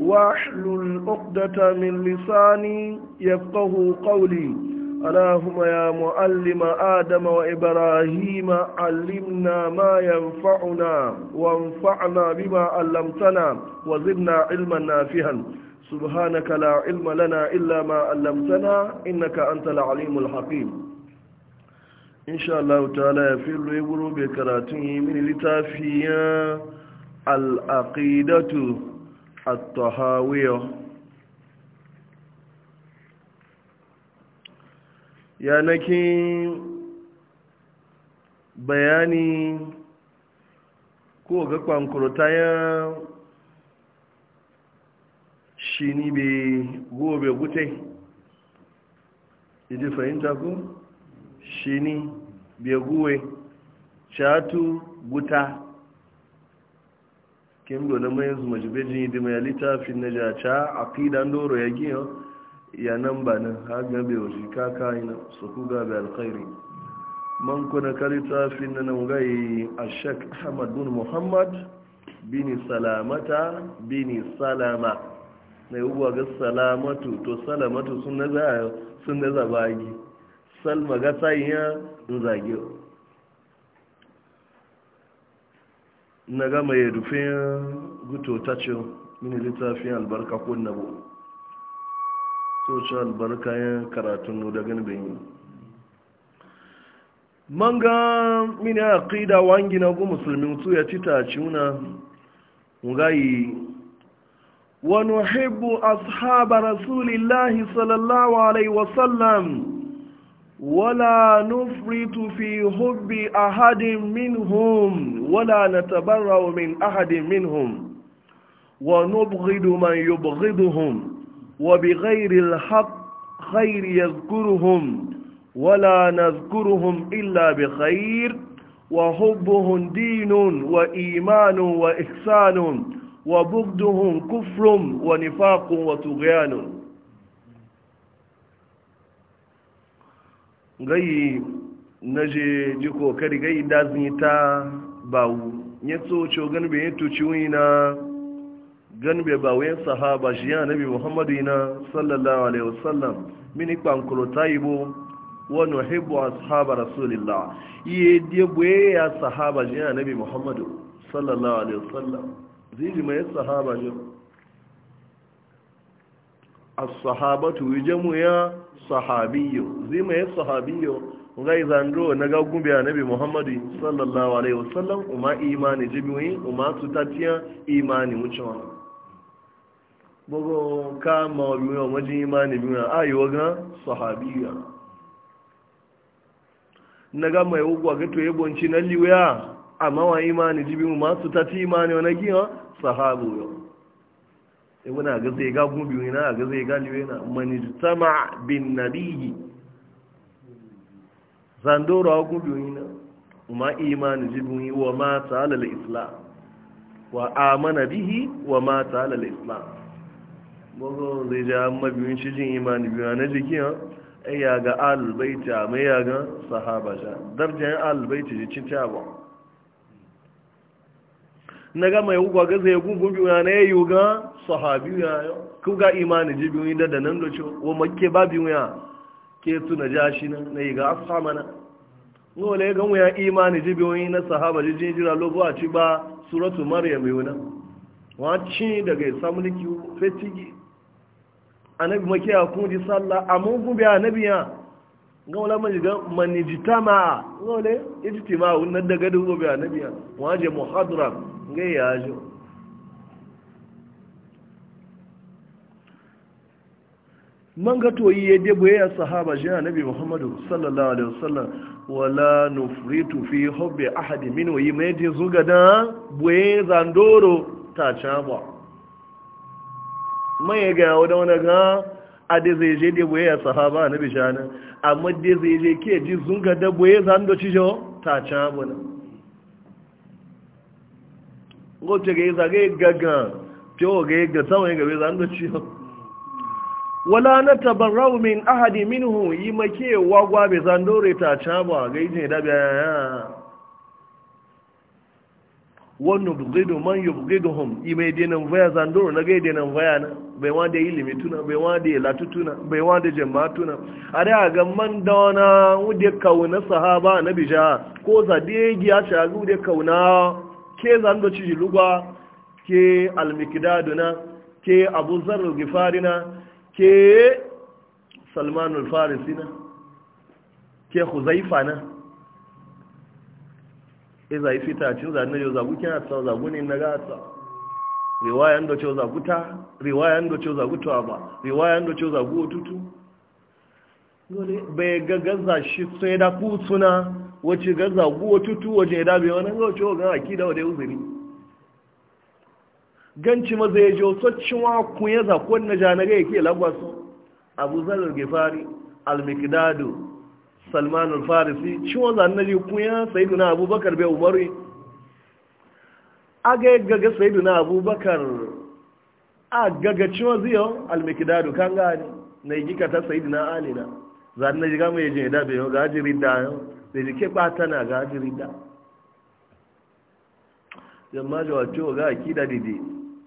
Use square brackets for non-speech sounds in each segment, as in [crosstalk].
واحلل عقدة من لساني يفقه قولي اللهم يا معلم آدم وإبراهيم علمنا ما ينفعنا وانفعنا بما علمتنا وزدنا علما نافعا سبحانك لا علم لنا إلا ما علمتنا إنك أنت العليم الحكيم إن شاء الله تعالى في الويبرو بكراته من لتافيا العقيدة الطهاوية yanakin bayani ko ga kwankurta ya shi ni be gobe gute idi fahimta ku shi ni be guwe shatu guta kin na mai zuma jibe jin di mai littafi na jacha aqida ndoro ya giyo ya nan ba nan ha gabe wa shika kai na su ku gabe alkhairi man kuna kalita fin na nan gai ashak ahmad bin muhammad bin salamata bin salama na yuwa ga salamatu to salamatu sun na za sun na zabagi salma ga tsayiya zagiyo na gama ya rufin guto ta ce mini littafin albarka ko nabo social albarka yin karatun da ganibin yi man ga mini aqida wangi na gu musulmi su ya ci taci una ngayi Wani nuhibbu ashabar rasulillahi sallallahu alaihi wasallam ولا نفرط في حب أحد منهم ولا نتبرع من أحد منهم ونبغض من يبغضهم وبغير الحق خير يذكرهم ولا نذكرهم إلا بخير وحبهم دين وإيمان وإحسان وبغضهم كفر ونفاق وطغيان gai na je ji kokari gai da zan yi ta bawu ya tsoco ganbe ya tuci wina ganbe bawu ya sahaba shi ya nabi muhammadu yana sallallahu alaihi wasallam mini kwankuro ta yi bu wani hibbo a sahaba rasulillah iye diye ya sahaba shi ya nabi muhammadu sallallahu alaihi wasallam zai ji mai sahaba shi as-sahabatu yujamu ya sahabiyyo zima ya sahabiyyo ngai zandro na ga gumbe annabi muhammadu sallallahu alaihi wasallam umma imani jimiwi umma tutatiya imani wucewa bogo ka ma biyo maji imani biyo ayo ga sahabiyya naga mai ugwa ga to yebonci na liwaya amma wa imani jibi mu ma tutati imani wa nagiya sahabu yo sai wani a gasa ya ga gobe wani a gasa ya ga liwe na manistama bin nabihi zandoro a gobe wani na ma imani jibin wa mata ta'ala islam wa amana bihi wa mata ta'ala islam gogo zai ja mabiyin shi jin imanin biyu na jiki ai ya ga albaita mai ya ga sahaba ja darjan albaita ji cin ba na gama ya gugwa gaza ya gugun biyu na ya yi ga sahabi ya kuka imani ji biyu da da nan doce wa makke ba biyu ya ke tuna ja shi na na yi ga ashamana nola ya gamu ya imani ji biyu na sahaba ji jin jira lobo a ci ba suratu maryam wuna wa ci daga isa mulki fetigi annabi make a kun ji sallah mun kun a na biya ga wala man ga man jitama wala ijtima wunan daga dubu bi annabi ya waje muhadram ngai ya jo man ga to yi yadda ya sahaba shi na nabi muhammadu sallallahu alaihi wasallam wala nufritu fi hubbi ahadi min wa yima yadda zuga da boye zandoro ta chaba mai ga wada wani ga ade zai je da ya sahaba annabi shi amma dai zai je ke ji zunga da boye zando ci jo ta chaba na ngoce ga yiza ga gaga fiyo ga yiga tsawon gabe za ga ciyo wala na tabarau min ahadi minhu yi make wagwa bai zan dore ta caba ga yi ne da biya wannan bugidu man yi bugidu hom yi mai dinan vaya zan dore na gai dinan vaya na bai wada yi tuna, bai wada yi latutuna bai wada tuna. a da ga man da wani wude kauna sahaba na bija ko zadegiya shagu wude kauna ke zando ci lugwa ke almikdaduna ke abu zarru gifarina ke salmanul farisina ke huzaifa na e zai fita cin zanen yau zagu kina ta zagu na gata riwayan da ce zagu ta riwayan da ce zagu riwaya ba riwayan da ce zagu tutu dole bai gagaza shi sai da kutsuna wacce ga zaguwa tutu waje da dabe wani ga cewa ga akida wadai uzuri ganci maza ya jo soccin wa kun ya zakon na janaga ke lagwasu abu zarar gifari al-mikdadu salman al-farisi shi wanda annabi kun ya duna abubakar bai umaru ga gaga duna abubakar a gaga cewa ziyo al-mikdadu kan gani na yi gika ta duna alina zanna jiga mai jin da bai ga jirin da yau zai ke ɓata na gajiri da jama'a jawato ga akida dide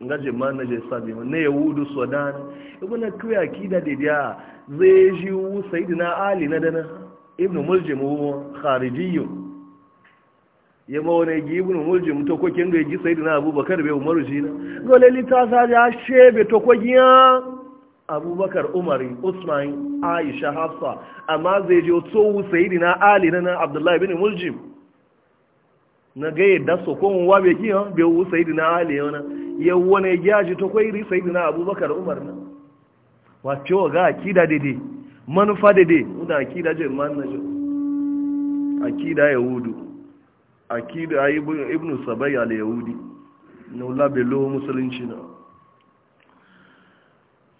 nga jama'a na je sabi ne ya yahudu sudan ibn kuy akida dide a zai ji wu sayyidina ali na dana ibn muljim wu kharijiyyu ya ma wani gi ibn muljim to ko kin ga gi sayyidina abubakar bai umaru shi na gole litafa ya shebe to ko giya abubakar Umar usman aisha hafsa amma zai je tsohu sayidina ali na abdullahi bin muljim na gaye da sokon wa bai kiyan bai wu sayidina ali wani yawon ya gyaji ta kwairi sayidina abubakar umar na wace wa ga akida daidai manufa daidai wadda akida man na jau akida yahudu akida ibn sabai al yahudi na ulabe lo musulunci na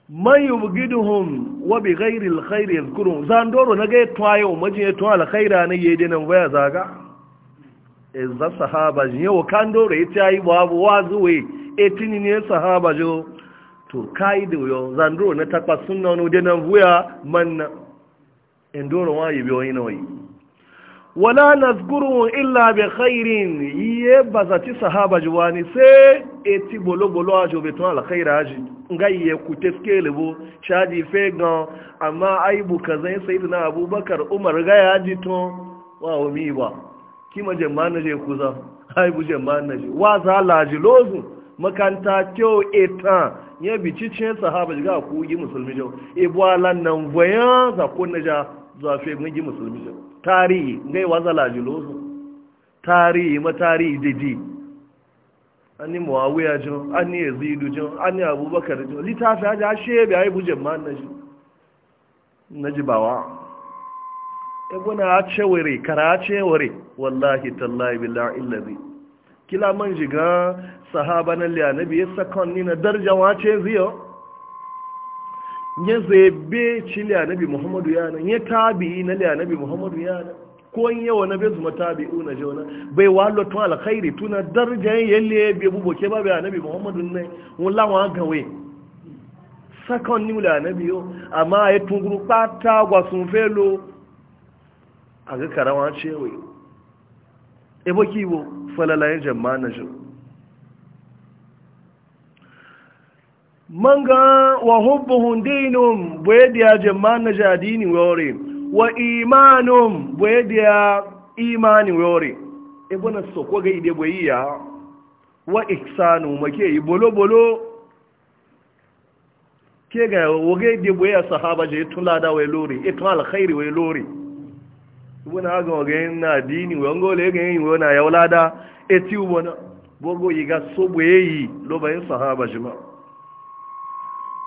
man yubgiduhum wa bi ghairi alkhairi yadhkurun zan doro na ga twayo majin ya twa alkhaira ne yede nan waya zaga e za sahaba jin yau kan doro ya yi babu wazuwe etini ne sahaba jo to kai da yo zan doro na takwa sunna no de nan waya man en doro wa yi biyo ina wayi wala nazguru illa bi khairin ye bazati sahaba juwani se eti bolo bolo ajo beton al khaira aji ngai ye kute lebo shaji fe gan amma aibu kazan sayyidina abubakar umar ga yaji to wa omi ba kima jama'an je kuza aibu jama'an je wa za laji lozu makanta kyo etan ye bicicin sahaba ga ku yi musulmi jo ibwalan nan voyan zakon naja Zuwa mun miji musulmi jo tarihi ngai wazala juloso tarihi ma tarihi didi ani muawiya jo ani yazid jo ani abubakar jo litafi aja a ayi buje man na shi ji bawa e gona a cewere kara a cewere wallahi tallahi billahi illazi kila man jiga sahaba na liya nabi ya sakon ni na darjawa ce ziyo ya zabe ci liya nabi muhammadu ya nan ya tabi na liya nabi muhammadu ya nan ko yi wa na bezu matabi una jona bai wallo to alkhairi tuna darjan yalle be bubo ke babe nabi muhammadu ne wallahi wa gawe sakon ni mula nabi yo amma ya e tunguru pata gwa sun felo aga karawa cewe ebo kibo falala ya jama'a na jona Manga ga wa hubbuhun dinum boye da jaman na jadini wore wa imanum boye da imani wore ibn e soko ga ide boye ya wa ihsanu make bolo bolo ke ga woge ide boye ya sahaba je tula da wai lori itun e alkhairi wai lori ibn e aga woge na dini wongo le ga yin wona ya ulada eti ubona bogo yiga so boye yi lo bayin sahaba jima'a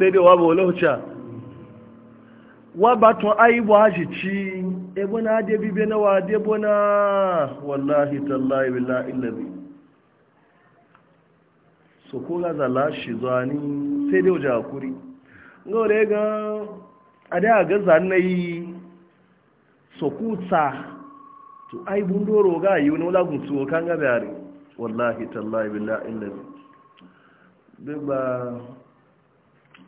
sai dai wabo lauca wa batun aibu haji ci ebo na ade bibe na wa de bo na wallahi tallahi billahi illazi so ko ga zala shi zani sai dai wajen hakuri ngore ga ade a ga zanai so kuta to aibun doro ga yi wani wala gutsu kan ga bayari wallahi tallahi billahi illazi duk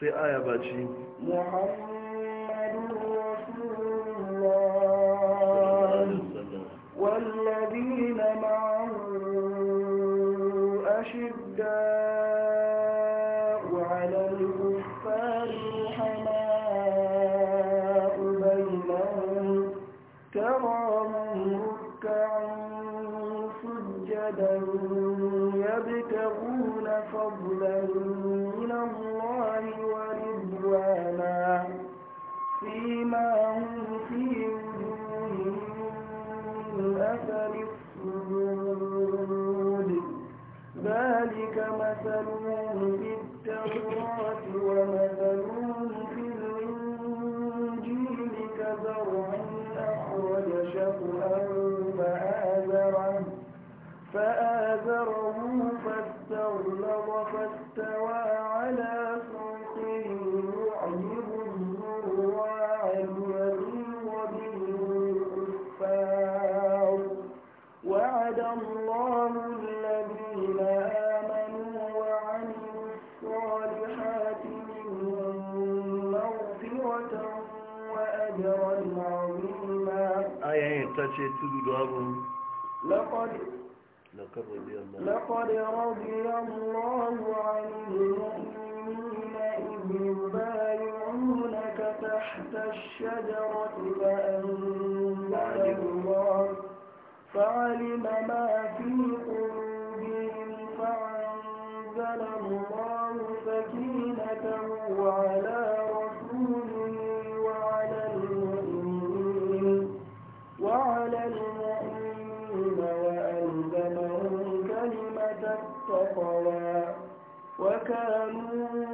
sai aya ba ci والذين معه أشداء مثله في التوراة ومثله لقد رضي الله لقد رضي الله عن المؤمنين إذ يبايعونك تحت الشجرة فأنزل الله فعلم ما في قلوبهم فأنزل الله سكينته على عقرا وكانوا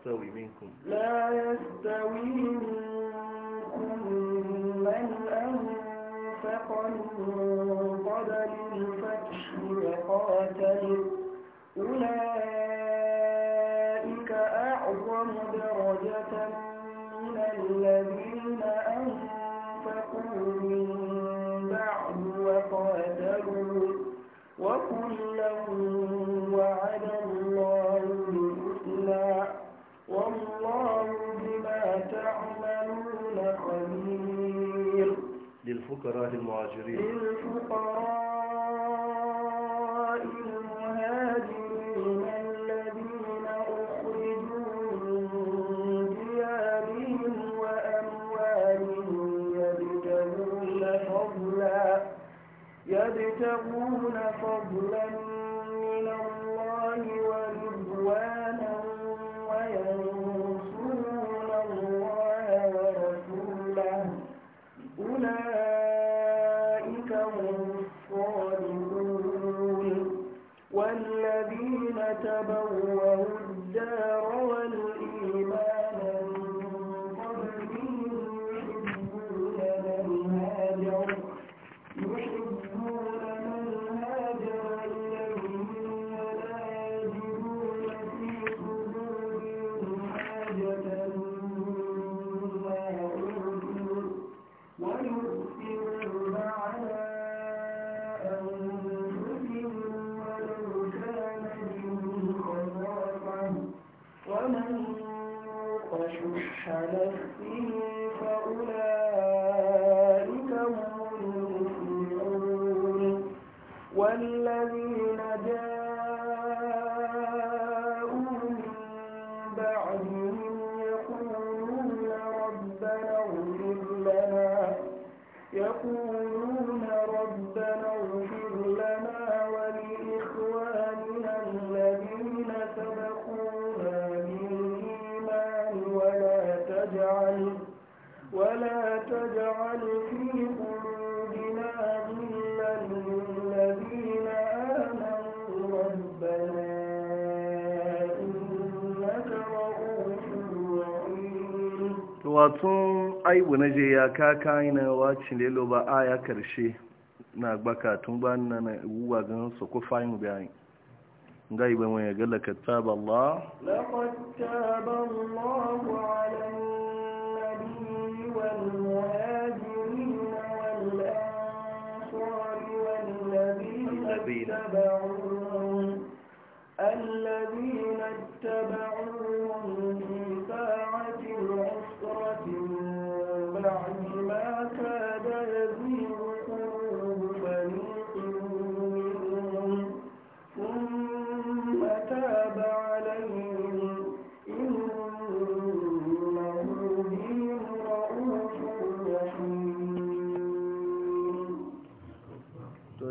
يستوي منكم لا يستوي منكم من أنفق من قبل الفتح وقاتل أولئك أعظم درجة من الذين أنفقوا من بعد وقاتلوا وكلهم المهاجرين للفقراء abu na je ya kaka ina wacin lelo ba a ya karshe na gbaka tun ba na na uwa ganin su ko fahimu bayan ga mai ya Allah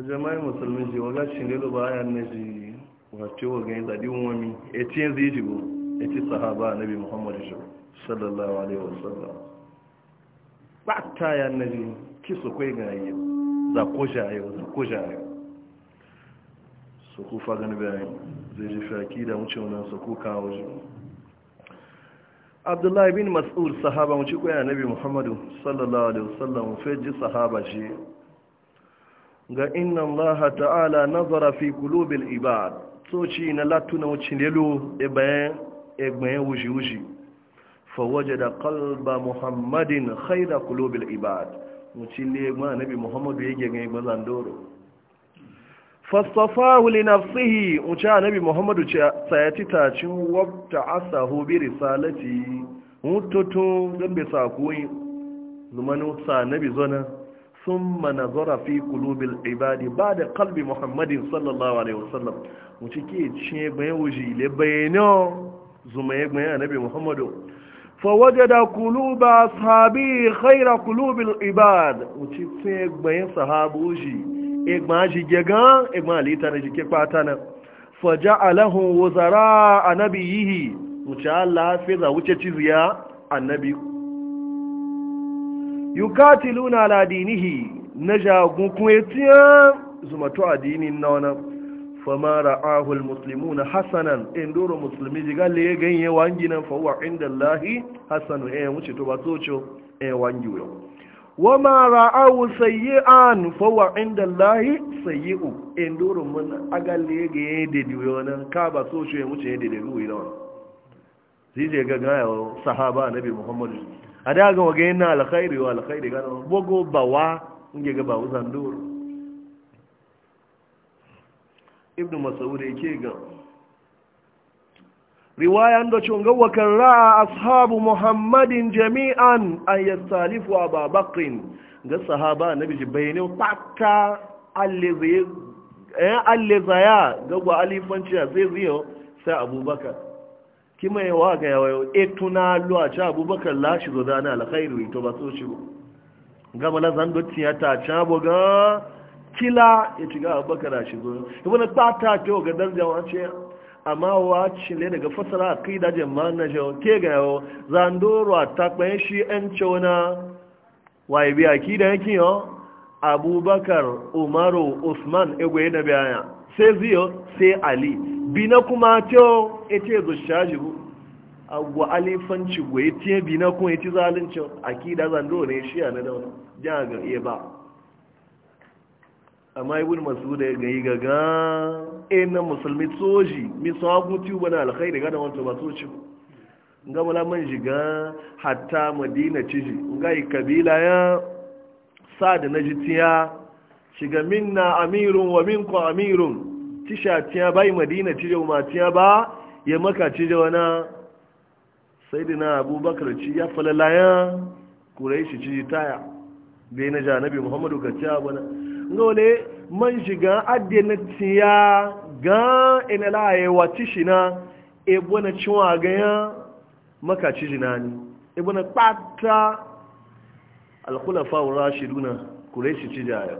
jama'ai musulmi ji waga shine da bayan na ji wace waga yin zaɗi wani wani etiyan zai ji bu eti sahaba nabi muhammadu sallallahu alaihi wasallam taya na ji kisu kwai ga yi za ko jayo za ko jayo su ku gani bayan zai ji shaki da wuce wannan su ku kawo abdullahi bin mas'ud sahaba wuce kwaya nabi muhammadu sallallahu alaihi wasallam feji sahaba shi ga inna allaha ta'ala nazara fi qulubil ibad so ci na latuna wuce lelo e bayan e bayan wuji wuji fawajada kalba muhammadin khaira kulobin ibad wuce ne ma na muhammadu ya gane mazan doro fasafa huli na fihi wuce na bi muhammadu tsayati tacin wabta asa hobi risalati mutoto don bai sakoyi zumanu sa na bi zana sun mana zara fi kulobin ba da kalbi muhammadin sallallahu alaihi wasallam wuce ke ce bayan wuji le muhammadu فوجد قلوب أصحابه خير قلوب العباد وتيتي غبن صحابوجي اغماجي جغان اغمالي تنجي كباتنا فجعله وزراء نبيه وتعالى فيذا وتشيزيا النبي يقاتلون على دينه نجا غكويتيا زمتو ديننا fama ra'ahu muslimuna hasanan in doro musulmi diga le ganye wangi nan fa huwa inda allahi hasanu e wuce to ba tocho e wangi yo wa ma ra'ahu sayyi'an fa huwa inda allahi sayyi'u in doro mun aga le ga de diyo nan ka ba tocho e wuce de de ruwi zai je ga ga sahaba A muhammad ada ga wage na alkhairi wa alkhairi ga bogo bawa nge ga ba uzan doro ibn masaud yake ga riwaya da cunga wa ra'a ashabu muhammadin jami'an an yastalifu aba ga sahaba na biji bayanin fata allezaya eh, ga gwa alifanci a zai ziyo sai abubakar kima yawa ga yawayo e tuna luwa ci abubakar lashi zo dana alkhairu ito ba so shi ba gama dotti ya ta cabo ga kila ya ci abubakar a shigo wani fata ke ga darja wace amma wace ne daga fasara a kai dajin ma na jawo ke ga yawo zandoro a takwayen shi yan cewa waye biya ki da yankin yau abubakar umaru usman egwe da biyaya sai ziyo sai ali bi na kuma cewa ita zo shajibu agwa alifanci gwaye tiye bi na kuma ya ci zalincin akida zandoro ne shi a na dauna jihar ga iya ba amma ibn da ya gayi gaga ina musulmi tsoji mi sabu ti bana alkhairi ga da wanto ba tsoji ga mala man jiga hatta madina ciji ga kabila ya sad najitiya shiga minna amirun wa minkum amirun tisha tiya bai madina ciji ma tiya ba ya maka ciji wana sayyidina abubakar ci ya falalaya quraishi ciji taya bai na janabi muhammadu gatiya bana nole man shiga adde na tiya ga ina laye wati tishina ebo na ciwa ga ya maka ci jinani ebo na kpata al-khulafa ar-rashiduna quraishi ci jaya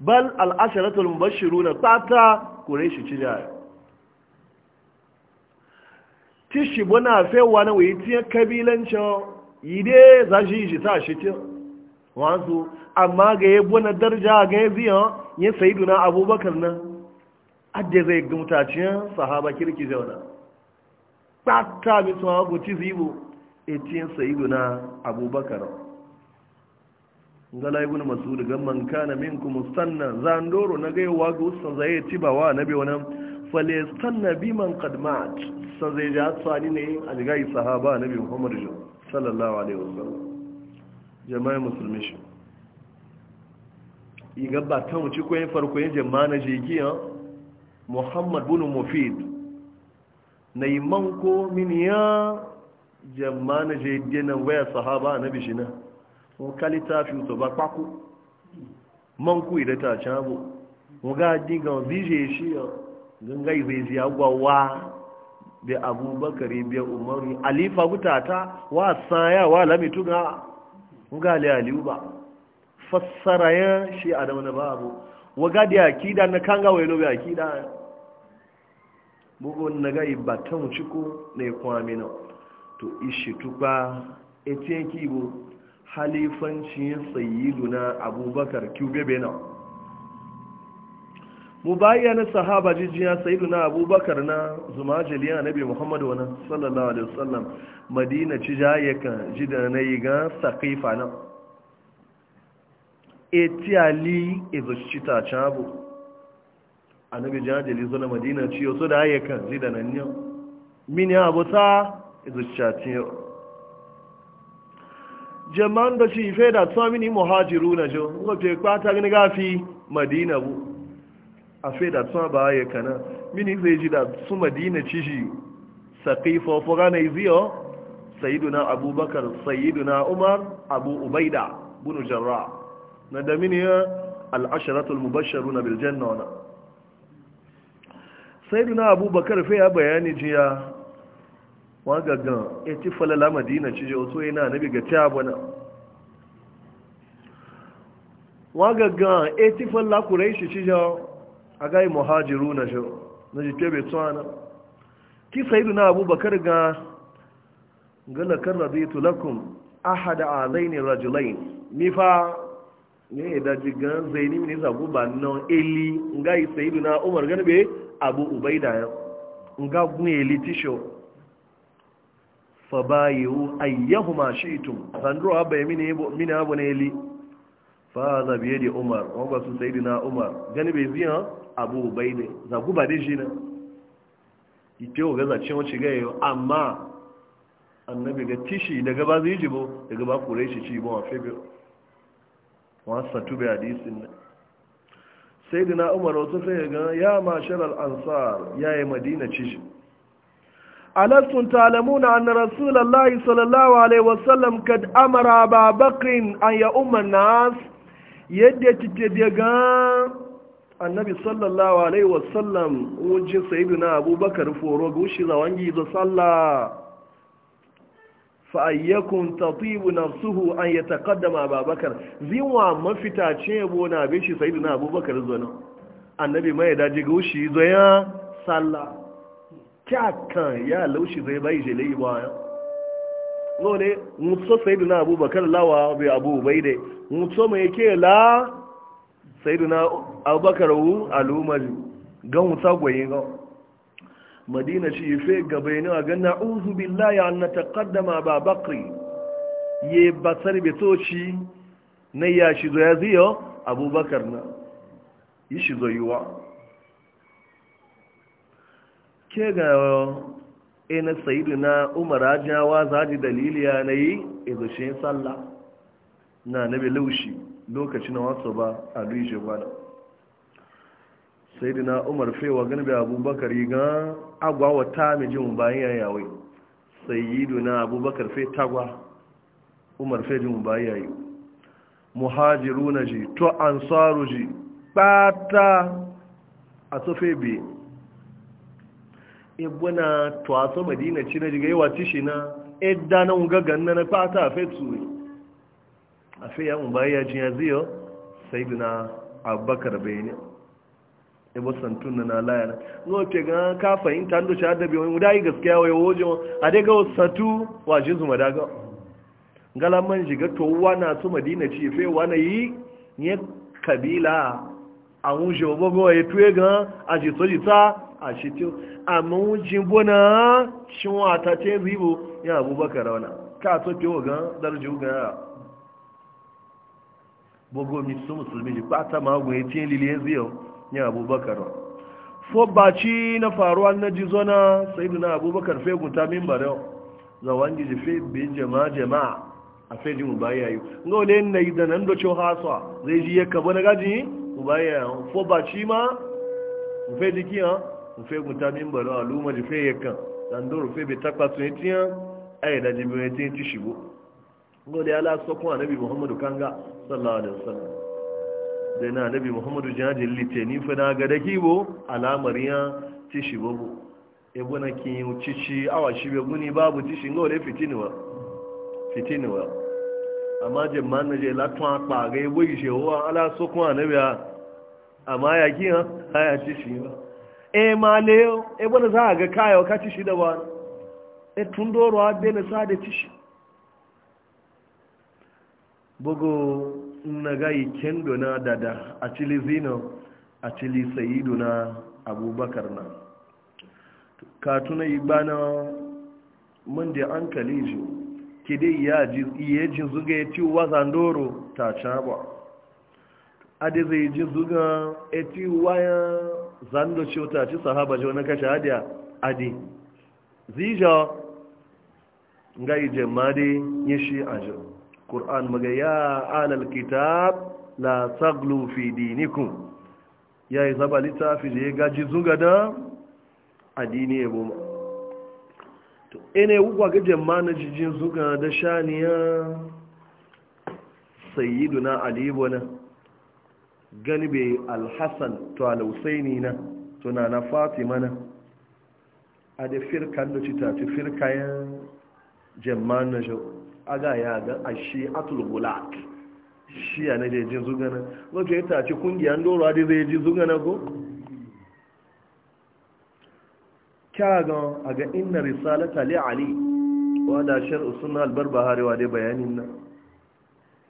bal al-asharatu al-mubashshiruna kpata quraishi ci jaya tishi bona fewa na wuyi tiya kabilancin yi dai za shi yi ta shi ti wanzu amma ga ya buna darja ga ya biya ya sayi duna abubakar nan adda zai gumtaciyar sahaba kirki zauna ɓata mitu a guci zibo etin sayi duna abubakar ngala masu daga manka na minku mustanna zandoro na gaiwa yawa ga usta zai tibawa nabi wannan na bi man kadmat san zai ja tsani ne a ga sahaba nabi muhammad sallallahu alaihi wasallam jama'a musulmi shi iga ba ta wuce kwayin farko yin jama'a na jigiya muhammad bin mufid na yi manko miniya jama'a na jigiya na waya sahaba na bishina wọn kalita fi wuta ba kwako manko ida ta cabo wọn ga diga zije shi ya ganga zai ziya gwawa da abubakar biya umaru alifa gutata wa sanya wa lamitu ga ngali aliyu ba fassara ya shi da na babu waga da akida na kanga wayo be akida bugo na ga ba ta ne kwami na to ishi tuba etiyen kibo tsayi sayyiduna abubakar kyubebe na mu bayyana sahaba jijiya na abubakar na na biyu muhammadu wani sallallahu alaihi wasallam madina ci jayyaka yi ga saqifa na eti ali ezochita chabo anabi jajeli zo na madina ciyo so da zai da nan yau mini abota ci ciyo jaman da shi fe da mini muhajiru na jo ko pe kwata gani gafi madina bu a fe da tsama ba ayyukan kana, mini zai ji da su madina ci shi saqifa fo gana iziyo sayyiduna abubakar sayyiduna umar abu ubaida bunu jarrah na da mini ya al'asharatul mubasharu na Biljan wana sai duna abubakar fiye ya bayani jiya wagagan ya ci falala madina cije wato yana nabi ga ta bana wagagan ya ci falala ci cije a gai muhajiru na shi na jike bai tsawana ki sai duna abubakar ga gana kan rabi tulakun ahada ne rajulai nifa ne da jigan zaini ne zagu ba nan eli nga yi sayidu na umar gani níbi abu ubaida ya nga gun eli tisho fa bayu ayyahuma sandro abba mini mini abu ne eli fa biye umar wa umar gani abu ubaida gaza ga yau amma annabi ga tishi daga ba jibo daga ba kure shi ci ma wasa tube hadisin nan sai dina umar wasu sai ga ya mashar al'ansar ya yi madina ci alastun talamuna an rasulallah sallallahu alaihi wasallam kad amara ba bakin an ya umar nas yadda kike daga annabi sallallahu alaihi wasallam wajen na abubakar foro gushi zawangi zo sallah fa'ayyakun tatibu nafsuhu an ya taƙaddama ababakar zinwa mafita ce bo na abin shi sai na abubakar zuwa annabi mai daji gaushi zoya salla kyakan ya laushi zai bai jele yi N'o ne mutso sai na abubakar lawa bai abu bai dai mutso mai ke la sai na abubakar wu al'umari gan wuta gwayin gan madina shi fe gaba yana ga na'udhu billahi an nataqaddama ba bakri ye basar betoci na ya shi zo ya ziyo abubakar na yi shi zo yiwa ke ga ina e sayidu na umar ajiyawa za ji dalili ya na yi izashin e sallah na nabi laushi lokacin wasu ba a rishe bana sai dina umar fewa ganibe abubakar ga agwawa ta mijin bayan yawai sai yi duna abubakar fe tagwa umar fe jin bayan yayi muhajiru na ji to ansaru ji ɓata a sofe bi ibuna to a so madina ci na jiga yawa tishi na idda e na ungagan na na ɓata a fe tsuri a fe ya umar ya ziyo sai dina abubakar bayanin ibo santun na nalayana no ke ga ka fahimta ndo cha da biyo mu dai gaskiya wai wojo a dai ga satu wa jinsu madaga ngala man jiga to wana su madina ci fe wana yi ne kabila a wuje obogo e tuye ga a ji soji ta a shi tiyo amma wujin bona shin wa ta ce zibo ya abubakar wana ka so ke ga darju ga bogo mi su musulmi ji pata ma gun e tin liliye ziyo ya abubakar fo baci na faruwa na jizona sai na abubakar fai gunta min bare za wangi ji fe bi jama'a jama a fai ji mu baya yi ngo ne na yi da nan do cho haswa zai ji ya kabo na gaji mu baya fo baci ma mu fe ji kiyan mu fe gunta min bare aluma ji fe yakan dan doro fai bi takwa tun tiyan yi da ji ya tin ci shigo ngo ne ala sokon annabi muhammadu kanga sallallahu alaihi wasallam da na nabi muhammadu jajin litini fina ga da kibo Alamariya ti shi babu ebo na kin ci ci awa shi be guni babu ti shi ngore fitiniwa fitiniwa amma jimman na je latuwa akpa ga yi shi wa ala sokun anabi a amma ya ki ha aya ci shi ba e ma le ebo e na za ga kayo ka ci shi da ba e tun doro a na sa da ci shi bugu na gayi kendo na dada a cili zino a cili sayidu na abubakar na katuna ibana mun da an kaliju kide iya jin zuga ya ci wazan doro ta caba da zai ji zuga ya ci waya zando ce ta ci sahaba ji wani kashe hadiya adi zija ga ije ma dai ya shi ajiyar ƙur'an maga ya alal kitab la taglu fi dinikum ya yi zaba littafi da ya gaji zunga da dini ya goma to ina yi wukwa ga jama na jijin zunga da shaniya na alibu na ganibe alhassan to alhussaini na to na fatima na a da firkan da cita ci firkayan jama na jau aga ya ga ashe atul gulak shi ya nade jin zugana wato ya ce kungiya doro da zai ji zugana ko kyagan a ga inna risalata li ali wadda shar suna albar bahari wa dai bayanin nan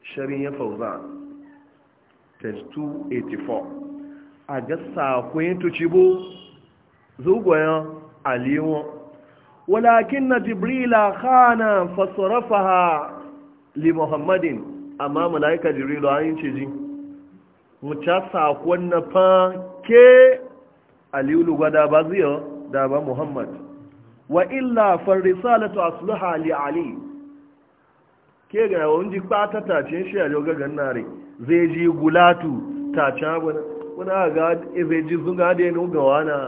sharin ya fauza page 284 a ga tuci bo zugoyan aliwon walakin na jibrila khana fasarafaha li muhammadin amma malaika jibrilu an ce ji mu ca sakon na fa ke aliyu gwada ba ziyo da ba muhammad wa illa far risalatu asluha li ali ke ga yawon ji kpata tacin shi a yau gagan zai ji gulatu tacin abu na wani ga zai ji zunga da yanin gawa na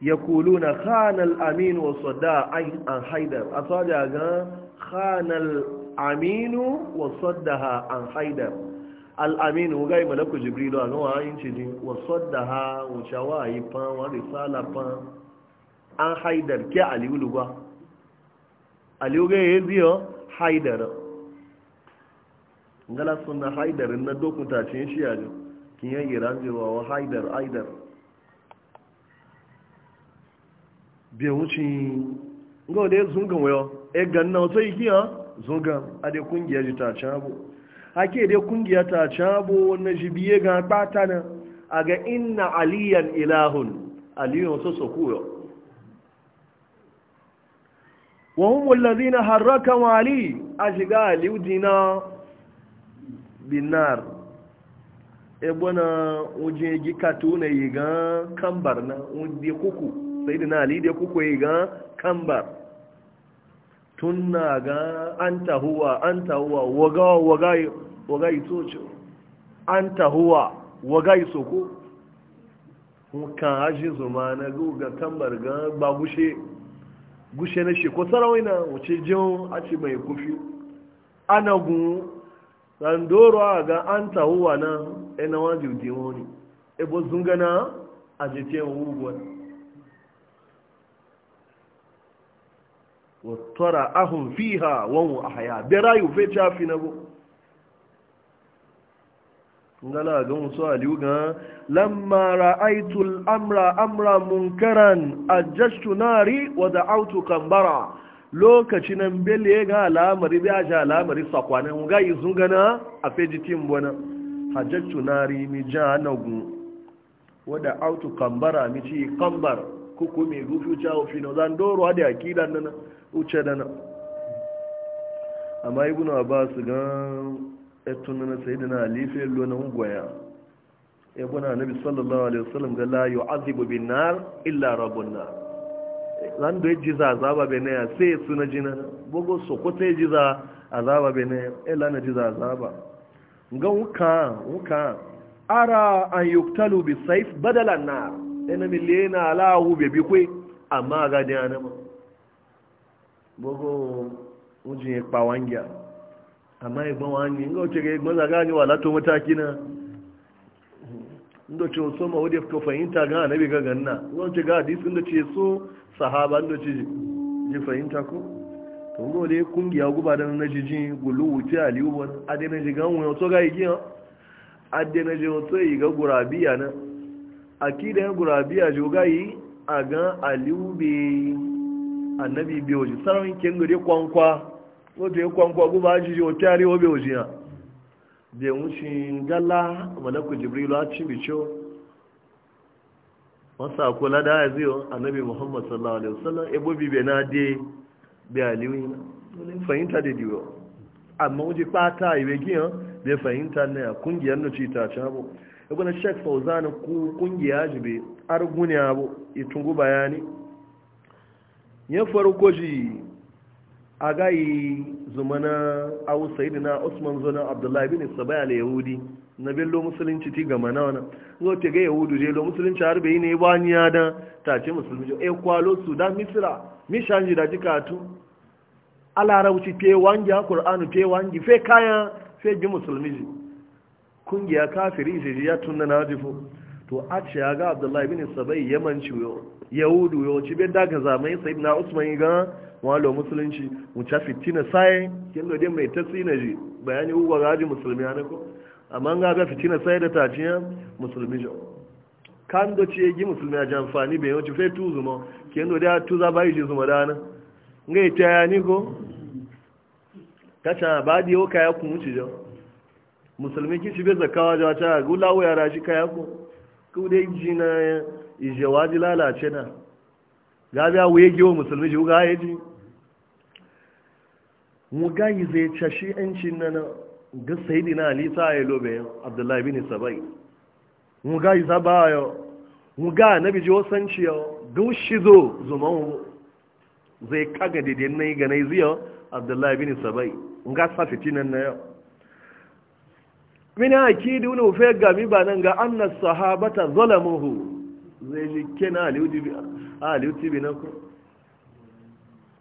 ya kulu na khanal aminu wa sada an haidar a sada ga khanal aminu wa sadda an haidar al'aminu ga yi malaku jibrilu a nawa yin ce ne wa sada ha wuce wa yi fan wa risala fan an haidar ke aliyu ba aliyu ga yi biyo haidar ngala na haidar na dokuntacin shi yajo kin yi iran wa haidar haidar bai wuce ga wadda ya zungan wayo ya ganna wata yi kiyan zungan a da kungiya ji ta cabo kee dai kungiya ta cabo na jibiye ga bata na a ga inna aliyan ilahun aliyan wasu su kuyo wahun wallazi na harraka wali a shiga aliudi na binar ebona wajen gikatu na yi kambar na wajen kuku sayidina ali da kuko yi ga kambar tunna ga an tahuwa an tahuwa waga waga yi tsoci an tahuwa waga yi soko kan haji zuma na ga kambar ga ba gushe gushe na shi sarawai na wuce jin a mai kufi ana gun randoro ga an tahuwa na ɗanawa jirgin wani ebo zungana a jikin hugon wattara ahun fiha wanwu a haya berayu fe cafi na bu ngala ga musu aliyu ga lamma ra'aitul amra amra munkaran ajjashtu nari wa da'autu kambara lokaci nan bele ga al'amari bi aja al'amari sakwanan ga yi sun gana a fejitin bona hajjashtu nari mi ja nagu wa kambara mi ci kambar kuku mai rufi fi zan da akidan nan uce da na amma ibn abbas gan etun na sayyidina ali fe lo na ungwaya ibn annabi sallallahu alaihi wasallam ga la yu'adhibu bin nar illa rabbun nar lan do jiza azaba bene ya sai suna jina bogo sokoto jiza azaba bene illa e na jiza azaba ga wuka wuka ara an yuktalu bi sayf badala nar ina na ala hu bi kwe amma ga dana ma bogo wujin ya kpa amma ya gban wani ga igban zaga ne wala to mataki na inda so ma wadda ka fahimta ga anabi ga ganna inga ga hadis inda ce so sahaba inda ji ko to inga kungiya guba gulu wuce aliyu wani igiyan annabi bi oji sarawin kengori kwankwa wato ya kwankwa guba ajiji o tare o bi oji ya da wucin gala malaku jibrilu a cin bicho wasa kula da ya ziyo annabi muhammad sallallahu alaihi wasallam ebo bi be na de be aliwi fahimta da diwo amma wuje pata iwe giyan bai fahimta na kungiya nuci ta ci abu ibn shek fauzan ku kungiya jibe argunya abu itun bayani ya farko ji a gayi zumana awu na usman zona abdullahi bin sabaya da yahudi na bello musulunci ti gama na wana zo te ga yahudu je lo musulunci har bai ne ba ni yada ta ce musulunci e kwalo sudan misira mishan ji da jikatu alarauci fe wangi a Kur'anu fe wangi fe kaya fe ji musulunci. kungiya kafiri ji ya tunna na jifo to a ce ya ga abdullahi bin sabai yaman ciwo yahudu yau ci bai daga zamani sai na usman ga walo musulunci mu ta fitina sai kin da dai mai tasina ji bayani uwa gaji musulmi ana ko amma ga ga fitina sai da taciya musulmi jo kan do ce gi musulmi a jamfani bai yau ci fe tuzu mo kin da da tuza bai ji zuma dana ngai ta ya ni ko kacha ba di yau kaya kun wuce jo musulmi kici bai zakawa jawa ta gulawo yara shi kaya ko su dai jina ijewa ji lalace na gabi awo ya giwa musulmi ji wuga ya ji mu gayi zai cashe yancin na na ga sayidi dina alisa ya lobe abdullahi bin sabai mu gayi zaba yau mu ga na biji wasanci yau duk shi zo mu zai kaga daidai na yi ganai na yi ziyar abdullahi bin sabai mu ga sa fitinan na yau min akidi wani ufe gami ba nan ga anna sahabata zalamuhu zai ji kena aliyutibi na kun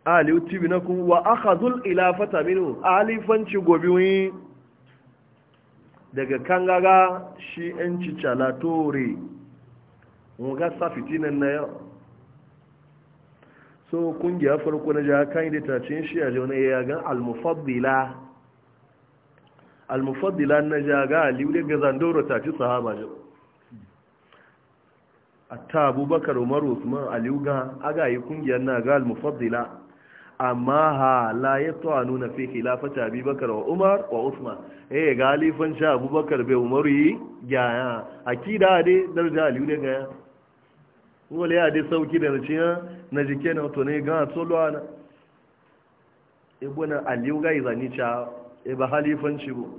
aliyutibi na kun wa aka zul ilafata minu alifanci gobe wani daga kangaga shi yanci calatore ga safiti nan na yau so kungiya farko na jihar kan yi da tacin shi a jaunai ya gan almufabbila almufaddila na jaga aliyu daga zandoro ta ci sahaba jau atta abubakar umar usman aliyu ga aga yi kungiyar na ga almufaddila amma ha la ya to a nuna fi khilafata abubakar wa umar wa usman eh ga alifan sha abubakar bai umaru yi gaya a gyaya akida dai darja aliyu daga gaya. wale ya dai sauki da raciya na jike na to ne ga tsolo ana ibuna aliyu ga izani cha e ba halifanci bu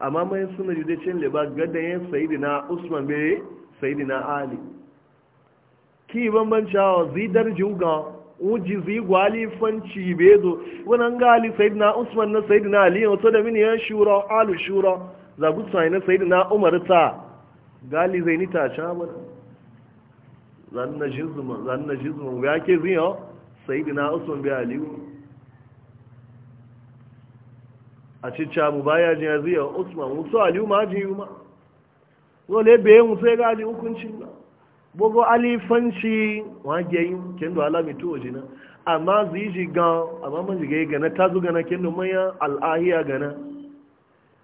amma mai suna yi cin liba gadayen na usman bai na ali ki bambanci hawa zidar juga uji zigu halifanci bai zo wani ga ali sayidina usman na na ali to da mini yan shura alu shura zagu sai na na umar ta gali zai ni ta ca mana zan na jizuma zan na jizuma ya ke ziyo na usman bai aliyu a cicca mu baya ji ya ziyar usman musu aliyu ma ji yi ma dole bai yi musu ya gani hukuncin hukunci ba gbogbo alifanci wa ge yi kendo alami ojina. jina amma zai ji gan amma manji jiga yi gana ta gana kendo maya al'ahiya gana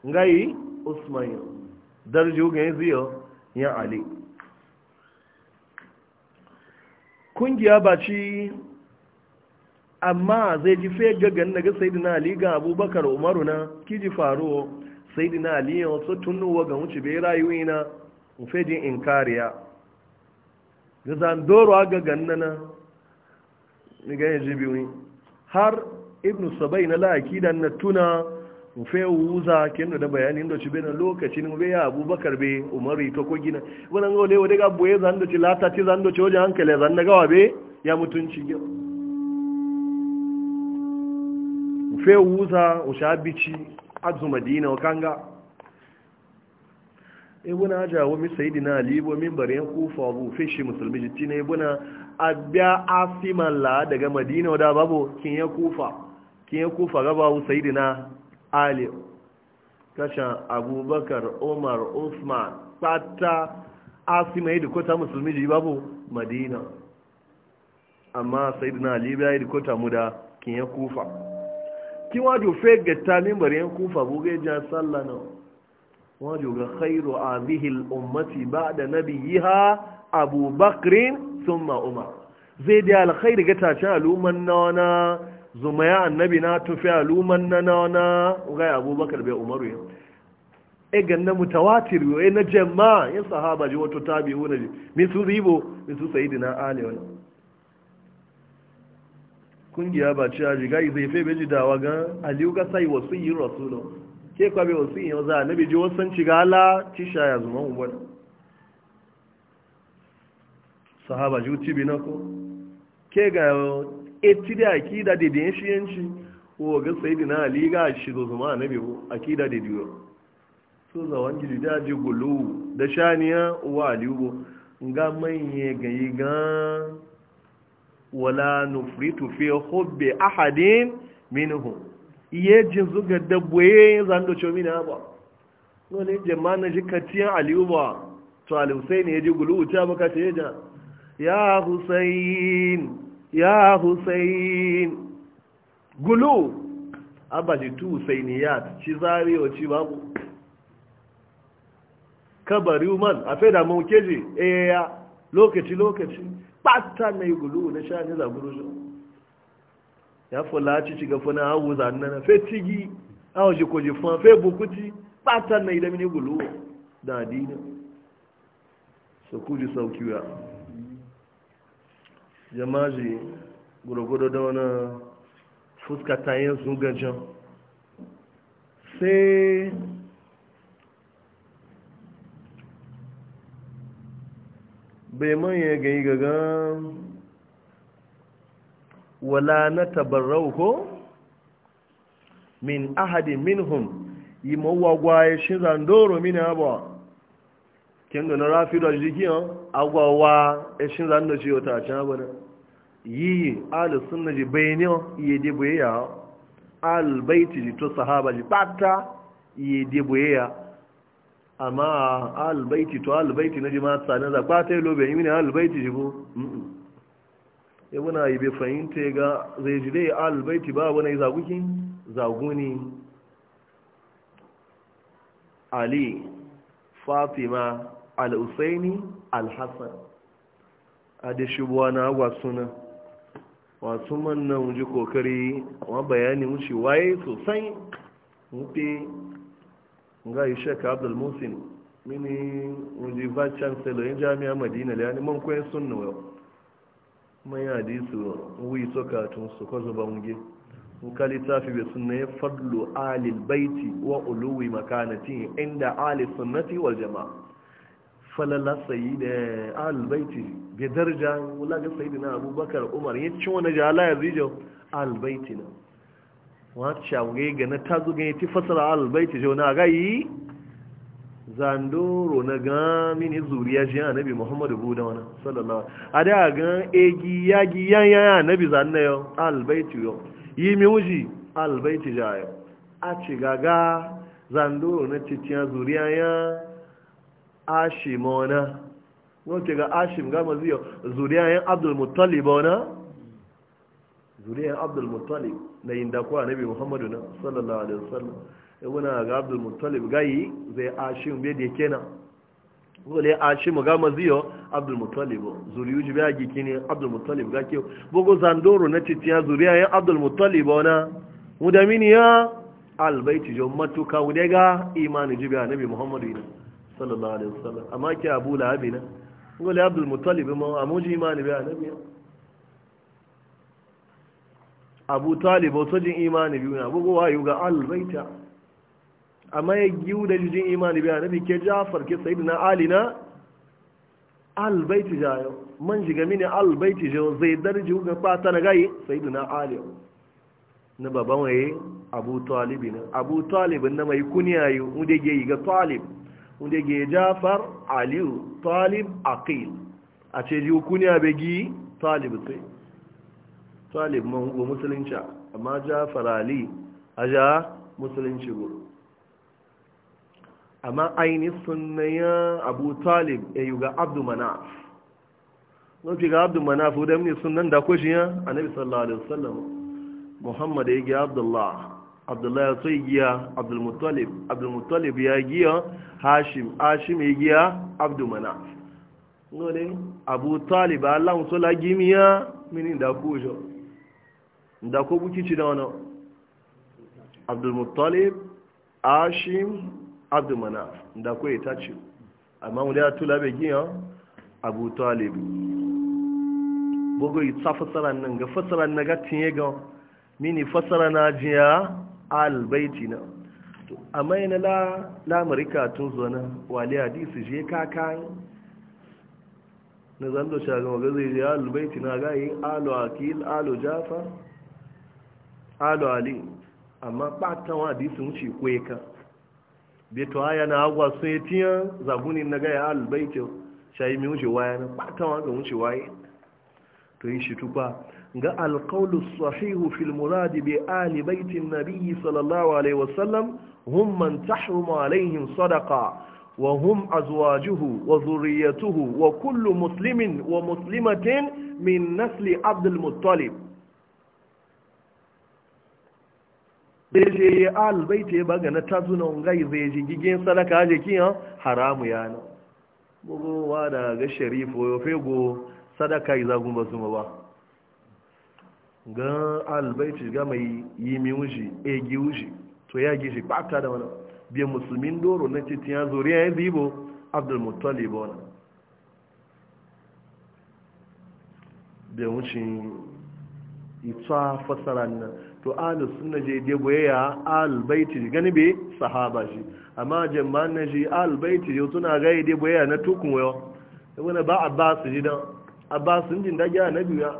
ngayi usman ya darji ga yi ziyar ya ali kungiya ba ci amma zai ji fe gagan daga saidina ali ga abubakar umaru na kiji faruwa saidina ali ya wasu tunuwa ga wuce bai rayuwi na mufejin inkariya da zandoro a gagan nana na ga yanzu biyu har ibn sabai na la'aki da na tuna mufe wuza kendo da bayanin da ci bena lokacin ne ya abubakar be umaru ito ko gina wannan ga wale wadda ga boye zan ci lata ci zan ci wajen hankali zan da gawa be ya mutunci gyau fe wuza ushabici azu madina kanga ibuna jawo mi sayidina ali bo min bariyan kufa bu fe shi musulmi jitina ibuna abya afimalla daga madina wada babu kin ya kufa kin ya kufa ga babu sayidina ali kasha abubakar umar usman fata asima yi dikota musulmi ji babu madina amma sayidina ali ya yi dikota mu da kin ya kufa ki wajo fe gatta mimbar yan kufa buge ja sallah na wajo ga khairu hadhihi al ummati ba'da nabiyiha abu bakrin thumma umar zai da alkhairi ga tashin al'umman na wana zumaya annabi na tufi al'umman na na wana ga abubakar bai umaru ya e ganna mutawatir yo e na jama'a ya sahaba ji wato tabi'una ji min su ribo min su sayyidina ali wannan kungiya ba ci aji gai zai fe beji dawa ga aliyu ga sai wasu yi rasulun ke kwabe wasu yi za a nabi ji wasan ci gala ci sha ya zuma ubar sahaba ji uci na ko ke ga eti da akida da da yanci yanci o ga sai na ali ga shi zo zuma nabi ko akida da diyo so za wangi ji da ji gulu da shaniya wa aliyu ga manye ga yi gan wala nufritu fi hubbi ahadin minhum iye jin zuga dabboye zan do chomi na ba no ne je man ji katiyan aliyu ba to ali husaini ya ji gulu ta baka ta yaja ya husain ya husain gulu abaji tu husainiyat ci o ci babu kabari man a fe da mu keji eh ya lokaci lokaci ɓata mai gulu na sha ne zaguru shi ya fula ci ci gafi na hagu zannan fe tigi hawa ji ko fan fe bukuti ɓata mai da mini gulu da adina su kuji sauki ya jamaji da wani fuskatayen sun gajan sai bai manye ga yi gagan wala na tabarau ko min ahadi minhum yi ya shi zandoro mini abuwa kin gana rafi da jikiyan agwawa e ya shi zandoro ce wata can abu nan yi alisun na ji bayani iya deboye ya albaiti ji to sahaba ji bata iya deboye ya amma albaiti to albaiti na jima tsanin za ta yi lobe mini albaiti jibo ya muna yi bai fahimta ga zai ji dai albaiti ba wani zaguki zaguni ali fatima al-usaini al-hassan a da buwa na agwa suna wasu mannan wuji kokari wa bayani wuce waye sosai mutu ga yi shek abdul musin mini wani chancellor yin jami'a madina da yani man koyan sunna yau mai hadisu wuyi soka tun su ko zuba muge kali tafi bai sunna ya fadlu alil baiti wa uluwi makanati inda ali sunnati wal jama'a falala sayi da alil baiti bai darja wula ga na abubakar umar ya ci wani jala ya zijo alil baiti na wacce ga na ta zuga ya ti fasara albaiti jau na gayi zandoro na gami mini zuriya shi yana nabi muhammadu buda wani sallallahu a da ga egi ya gi yan yana nabi zanna yau albaiti yau yi mi wuji albaiti ja yau a ci gaga zandoro na titiya zuriya ya ashimona wata ga ashim gama zuriya yan abdul mutaliba wani zuriyar abdul mutalib na yin dakuwa nabi muhammadu na sallallahu alaihi wasallam ibuna ga abdul mutalib gayi zai ashim bai da kenan wale ashim ga maziyo abdul muttalib zuriyu ji bai gikini abdul mutalib ga kewa bugu zandoro na titiya zuriya ya abdul mutalib ona mudamini ya albaiti jo matuka wude ga imani ji bai nabi muhammadu na sallallahu alaihi wasallam amma ke abu la'abi na wale abdul mutalib ma amuji imani bai nabi abu talib wato jin imani biyu na bugu yi ga albaita amma ya giyu da jin imani biya na ke jafar ke sayi na alina albaiti jayo man shiga mini albaiti jayo zai darji ga fata na gayi sayi na ali na baban waye abu talibin abu talibin na mai kuniya yi wunde ge yi ga talib wunde ge jafar aliyu talib aqil a ce ji kuniya bai gi talib sai talib man go musulunci amma jafar ali aja musulunci go amma aini sunnaya abu talib e yuga abdu manaf no fi ga abdu manaf da mini sunnan da ko shi ya annabi sallallahu alaihi wasallam muhammad ya ga abdullah abdullah ya so giya abdul muttalib abdul muttalib ya giya hashim hashim ya giya abdu manaf no ne abu talib Allah so la gimiya mini da kujo da ko buki ci da wani abdulmuttalib ashim Abdulmana. da ko ita ce amma wani ya tula bai giyan abu talib bugu ita fasara nan ga fasara na gatin ya ga mini fasara na jiya albaiti na amma yana la lamurika tun zuwa wali hadisi je kakayi na zan da shagan waga zai je alubaiti na gayi alo akil alo jafa Alo ali amma ɓatan hadisi sun ce ka beto haya na agwa sun yi tiyan zagunin na gaya albaitin shayi mai wuce waya na ɓatan wanda wuce waye to yi shi tuba ga alkaulu sahihu fil muradi bi ali baitin nabiyyi sallallahu alaihi wasallam hum man tahrumu alaihim sadaqa wa hum azwajuhu wa zurriyatuhu wa kullu muslimin wa muslimatin min nasli abdul muttalib zai je ya albai ta ba ga na tazuna ngai zai ji gigin sadaka je kiyan haramu ya na bugowa da ga sharifu ya fego sadaka yi zagun ba su ba ga albai ta ga mai yi mi wuji e gi wuji to ya gishi ba ta da wani biya musulmin doro na titi ya zuri ya yi zibo abdul muttalib wani biya wucin ita fasara nan to ahlus sunna je de boyaya al baiti gani be sahaba shi amma jama'an na shi al baiti yo tuna ga de boyaya na tukun yo wala ba abbas ji dan abbas din da ga nabi ya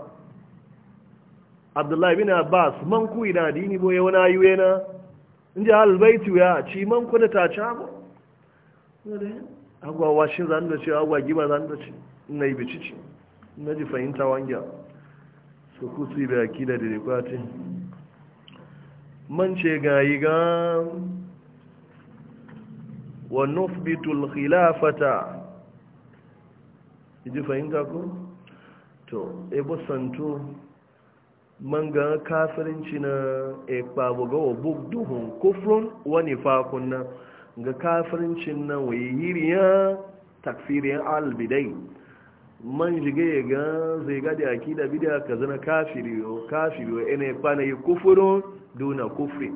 abdullahi bin abbas man ku ina dini boye wani ayuwe na inji al baiti ya ci man ku da ta ca ba agwa washin zan da ce agwa giba zan da ce na yi bicici na ji fahimta wangiya su kusi bai akida da rikwatin man ce gayi ga wa nufbitul khilafata ji fahimta ko to ebo santo man ga kafirinci na ekpabo ga wa bugduhun kufrun wani fakun na ga kafirinci na wayi hiriya takfiriyar albidai man shige ga zai gadi akida bidiya ka zana kafiri yo kafiri yo ya fana yi kufuru duna kufri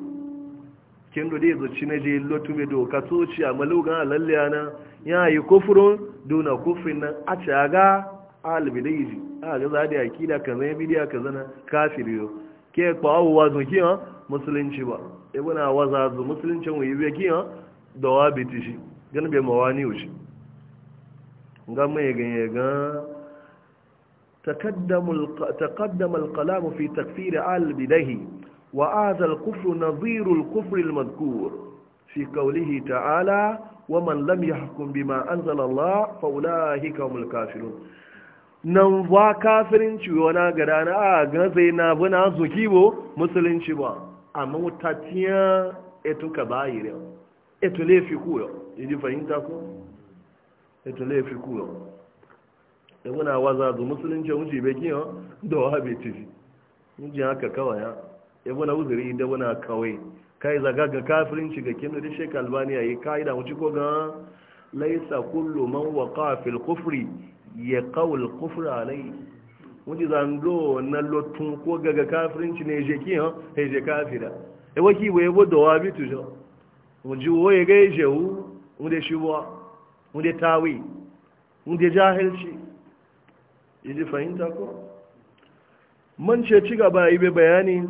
kin do ya zuci na je lotume doka ka toci a malugan lalle na, ya yi kufuru duna kufrin nan a caga albidaiji a ga zadi akida ka zana bidiya ka zana kafiri yo ke kwawo wazo kiyan musulunci ba e waza zu musulunci wuyi be kiyan da wa bitishi mawa mawani wuce Nga ma iga ni a iga na. Takadda Malkala Mufin Takfira Al-Bidahi, wa'azal kufru Naziru kufrin Mankur, fi kaulihi ta'ala, waman lamya hukun bima an zalallaha, faulani, hi ka mulka shi Nan buwa ka ciwo na gada na, aa na zai na bu na, an soƙi ba Musulunci ba. Amma ta ci ya, yi rai. Ita ku ètò lè fi kú lọ ẹgbẹ́ náà wá záàdù musulunci oúnjẹ ìbẹ̀ kí hàn dọ̀wọ́ àbẹ̀ tìfì oúnjẹ haka kawai ya ẹgbẹ́ náà wùzìrí ìdẹ́gbẹ́ náà kawai kai zaga ga kafirinci ga kim da shek albani yayi kai da wuci ko ga laisa kullu man wa kafin kufri ya kawul qawl kufr alai wuji zando na lotun ko ga ga kafirinci ne je ki ha he je kafira e waki we bo do abi tujo wuji wo ye ga je wu mu shi bo wunde tawi wunde jahilci yaji fahimta ko man ce ci gaba yi bayani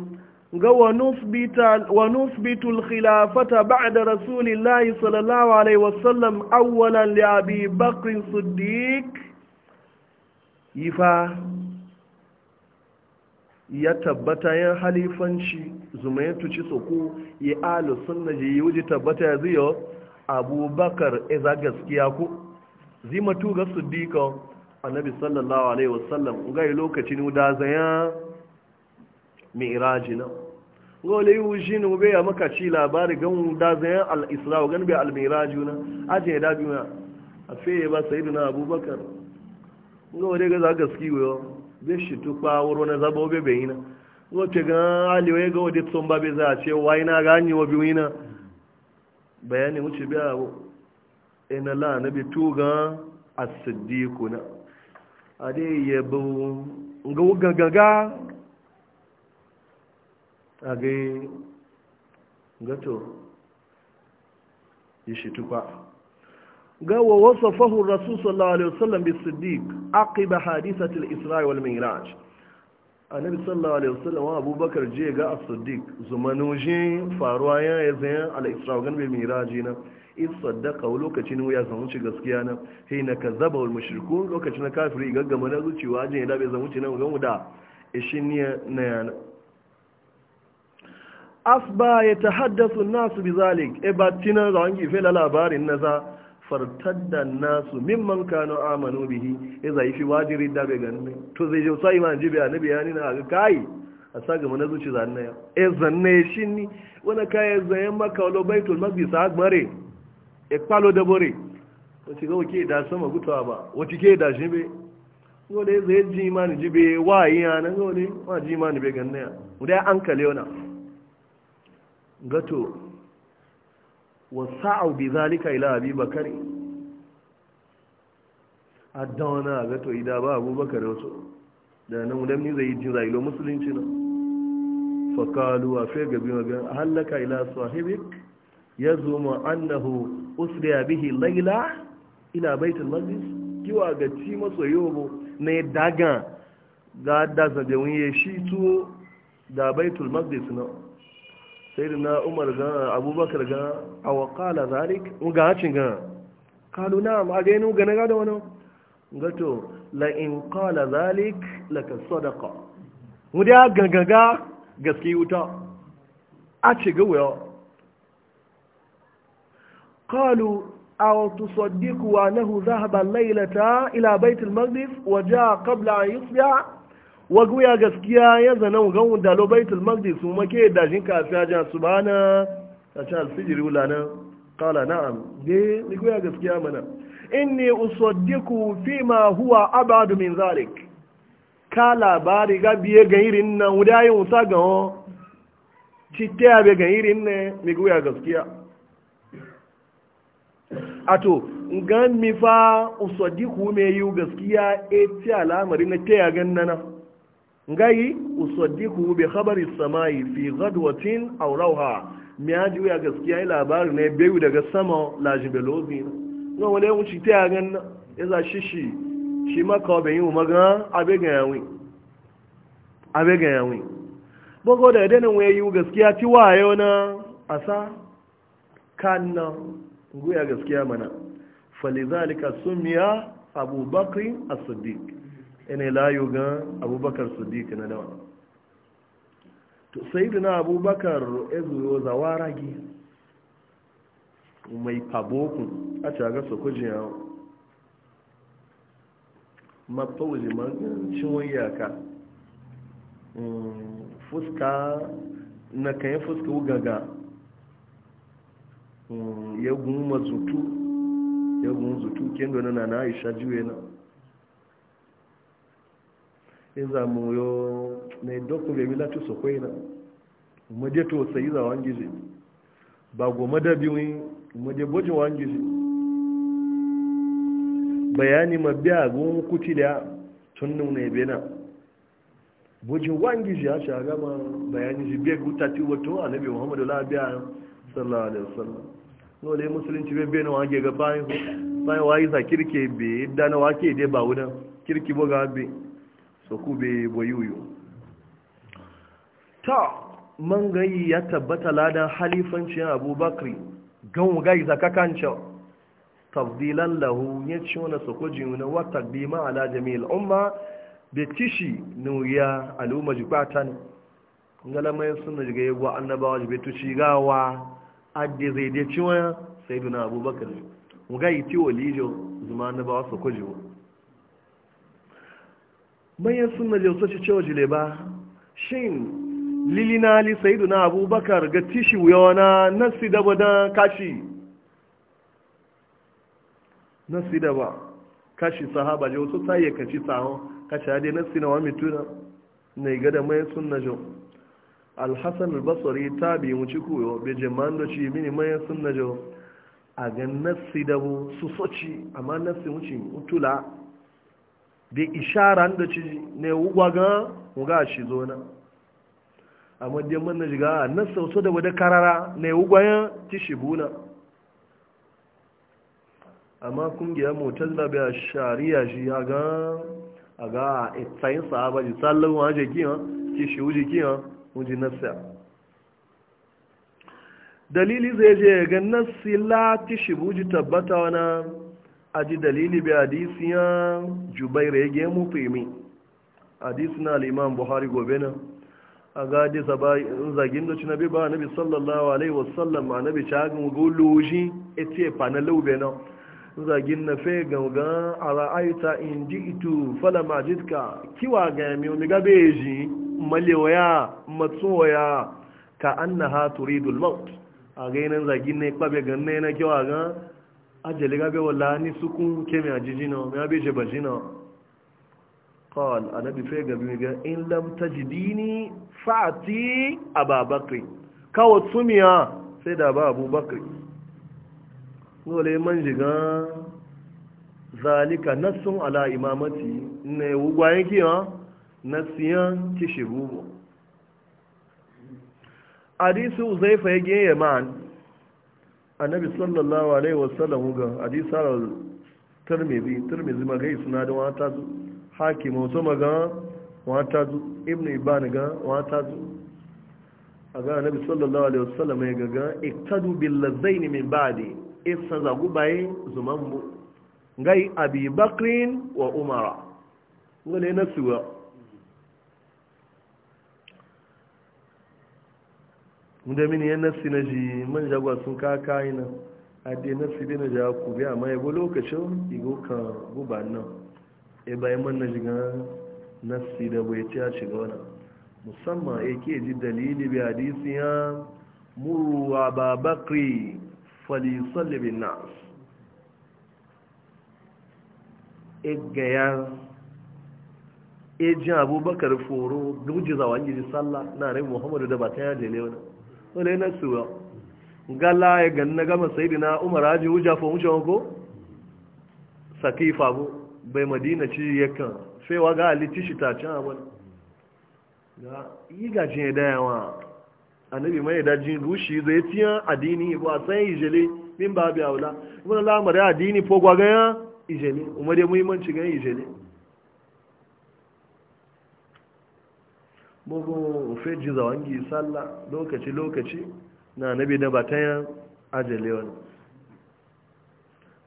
ga wa nusbitu al-khilafata ba'da rasulillahi sallallahu alaihi wasallam awwalan li abi bakr siddiq fa, ya tabbata yan halifanci zumayatu ci soko ya alu sunna ji yuji tabbata ya ziyo abubakar iza eh, gaskiya ku zimatu ga siddiqa annabi sallallahu alaihi wasallam ga lokacin da zaya mi'rajina gole yujin ube ya maka ci labari gan da zaya al-isra gan bi al-mi'rajuna aje da biya afe ba sayyidina abubakar gole ga gaskiya be shi tukwa wuro na zabo be bayina gote ga aliwe ga wadi tsomba be za ce waina ganyi wa biwina bayani wuce biya abu ina la na bi tuga as-siddiqu na ade yabo ga gaga ga gato shi tukwa ga wa wasafahu rasu sallallahu alaihi wasallam bis-siddiq aqiba hadithati al-isra wal mi'raj annabi sallallahu alaihi wasallam abubakar je ga as-siddiq zumanujin faruwa ya ya zayan al-isra gan miraji na in saddaka lokacin ya zama ci gaskiya na sai na kazzaba wal mushrikun lokacin na kafiri gaggama na zuciwa ajin ya dabe zama ci nan ga muda ishin ne na yana asba ya an-nas bi zalik e batina zawangi fe labarin naza fartadda nasu mimman kanu amanu bihi ya zai fi wajiri da bai ganin to zai jau sai man jibi annabi ya na ga kai a gama na zuci zanna ya e zanne shi ni wani kai zai maka lo baitul maqdis akbare e palo da bore wace ga wake da sama gutawa ba wace ke da shi be wale zai ji imani jibe wayi ya nan wale ma ji ni bai ganin ya mu dai an kale wannan gato wasa'u bi zalika ila abi bakari addawana ga to ida ba abubakar wasu da nan mudan ni zai yi jin zai lo musulunci na fa qalu wa fa gabi magan halaka ila sahibik yazuma annahu usriya bihi Laila. ila baitul maqdis kiwa ga ci masoyobo ne daga ga da zabe wani shi tuwo da baitul maqdis na sai na umar ga abubakar ga a waƙala zalik ga hacin ga kalu na ma ga yanu gane gada wani gato la in kala zalik la ka sadaka mu da gangaga gaske wuta a ce ga wuya kalu a aw tusaddiqu wa a ba laylata ila baitul al waje a kabla a an waguya gaskiya ya zana gan da lo baitul maqdis su make da jin kafiya jan subhana ta ta alfijiri ulana kala na'am de waguya gaskiya mana inni fi ma huwa abad min zalik ka labari ga biye ga irin nan udayi usa ga ho citte abe ga irin ne waguya gaskiya ato gan mi fa usaddiku me yu gaskiya e ti alamari na te ya gan na ngai usaddiku bi khabari samai fi ghadwatin aw rawha mi aji ya gaskiya ila labari ne bewu daga sama lajin belozi no wale mu ci ta gan yaza shishi shi ka be yin maga abe ga yawi abe ga yawi boko da dana waye yu gaskiya ti wayo na asa kanna nguya gaskiya mana falizalika sumiya Bakri as-siddiq ina layu ga abubakar dika na dawa to sayyidina abubakar ezuyo zawara gi mai faboku a caga su kujiya mafauji magancin wayaka mm, fuska na kayan fuska wugaga mm, ya gun mazutu ya gun zutu kendo na na aisha juwe na iza mu yo ne doku be mi latu so kwena na? je to sai za wangi je ba go madabi biyu mu je boje wangi je bayani mabiya gun kuti da tunnun ne bena boje wangi je a shaga ma bayani je be guta ti wato annabi muhammadu labiya sallallahu alaihi wasallam no le musulunci be bena wange ga bayin bayin wayi za kirke be dana wake dai ba wudan kirki boga be su kube bayuyo ta man gayi ya tabbata ladan halifancin abubakar gan gayi zakakanca tafdilan lahu ya ci wani sokojin wani wata bima ala jami'il umma da tishi nuriya al'umma jibata ne galamai suna jiga yagwa annabawa jibatu shigawa adda zai dace wani sai duna abubakar mu gayi tiwo lijo zuma annabawa wani manyan suna jausa ce cewa jile ba shin lilina ali sayidu na abubakar ga tishi wuyawa na nasi daba na kashi nasi daba kashi sahaba jau su ta yakan ci saho kashi hade nasi na wani tuna na iga da mayan suna jo alhassan albasori ta bi mu ci kuyo bai jaman da ci mini mayan suna jo a ga nasi dabo su soci amma nasi wuce mutula da isharan da ci ne waga wuga shi zo na amma dai mun na jiga nan sauso da wada karara ne wugwayan ci buna amma motar mutazila bai shari'a shi ya ga a ga itsayin sahaba ji tsallon waje kiyan ci shi wuji kiyan wuji nasa dalili zai je ga nasi la ci shi buji tabbata wani aji dalili bi hadisi ya jubairu ya gemu fimi hadisi na al'imam buhari gobe na a ga hadisa zagin da cinabi ba nabi sallallahu alaihi wasallam ma nabi cagin guluji ete fana laube na zagin na fe ganga a ra'aita in ji itu fala majidka kiwa ga yami omi gabe ji malewaya matsoya ka an na ha turidul maut a gainan zagin na ikpabe ganne na kiwa ga ajele gabe wala ni sukun kemi ajiji na mi abije baji na qal anabi fe gabe mi ga in lam tajidini fati ababakri kawo tumiya sai da ba abubakri nole man jiga zalika nasun ala imamati ne wugwayen kiya nasiyan kishibubu hadisi uzaifa ya geye ma annabi sallallahu alaihi wasallam ga hadisar tirmidhi tirmidhi magai suna da wata zu hakim wato maga wata zu ibnu ibn ga wata zu aga annabi sallallahu alaihi wasallam ya ga iktadu bil ladaini min ba'di isa za gubaye zuman mu ngai abi bakrin wa umara ngale nasuwa da mini yan nafsi na ji man jagwa sun kaka nan a da nafsi bi na ja ku bi amma yabo lokacin igo ka guba nan e bayan man na jiga nafsi da bai a shiga wannan musamman ya ke ji dalili bi hadisi ya muru wa babakri falisalli bin nas e, e ji abubakar foro duk jizawa yi yi sallah na rai muhammadu da ba ta yaje ne wani wale na suwa gala ya ganna gama sai na umar haji wuja fa wuce wanko sakifa bu bai madina ci yakan fewa ga ali shi ta can abu ga yi gajin ya dayawa annabi mai jin rushi zai tiya adini ko a san ijele min ba biya aula wani lamari adini ko gwagaya ijele umar ya muhimmanci gan ijele bugun feji zawangi sallah lokaci-lokaci na nabi da batayen ajale wani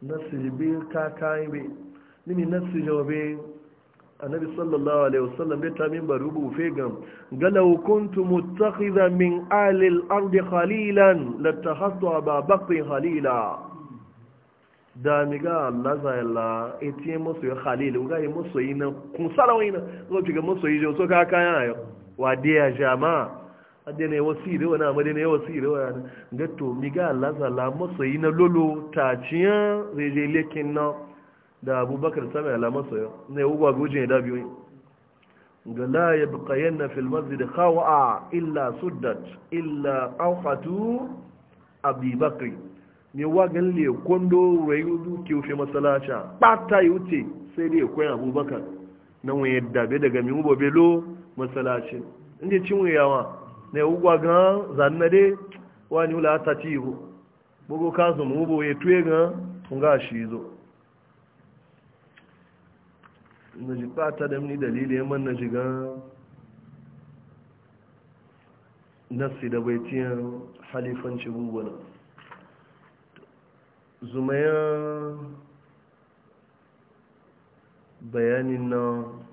nasiri bin kakayi bai nini nasiri jawabe annabi sallallahu alaihi wasallam bai tamin ba rubu fegan galau kuntu muttakhidha min alil ardi latta hasuwa ba bakwai halila da mi ga Allah za musu ya khalil ga yi musu yi na kun salawai na zo ki ga musu yi jo so ka kayan ayo wade ya jama yi wasu iri wani yi wasu iri wani ga to mi ga lazala masoyi na lolo ta ciyan zai lekin na da abubakar sami ala masoyi na yawa gwa gujin da biyu ga la ya bukayen na filmazi da a illa sudat illa auhatu abubakar ne wagan le kondo rayu ke wufe masalaca ɓata yi wuce sai dai ya koyan abubakar na wani dabe daga mimu babelo masalacin inda cin wuyawa na yi ugwa gan zanna dai ni wula ta ci ihu bugu kasu mu bu ya tuye gan kun ga shi zo na ji fata da mini dalili ya man na ji gan nasi da bai tiyan halifanci gugwana zumayen bayanin nan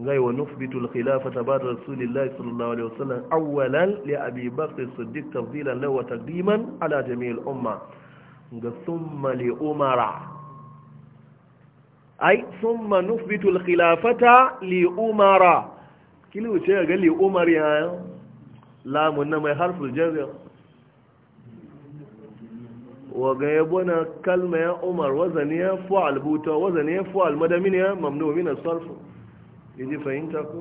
غاي ونثبت الخلافة بعد رسول الله صلى الله عليه وسلم أولا لأبي بكر الصديق تفضيلا له وتقديما على جميع الأمة ثم لأمر أي ثم نثبت الخلافة لأمر كل شيء قال لي أمر يا لا من ما حرف الجر وغيبنا كلمة يا أمر وزن يا فعل بوتا وزن يا فعل مدى ممنوع من الصرف yaje ji fahimta ku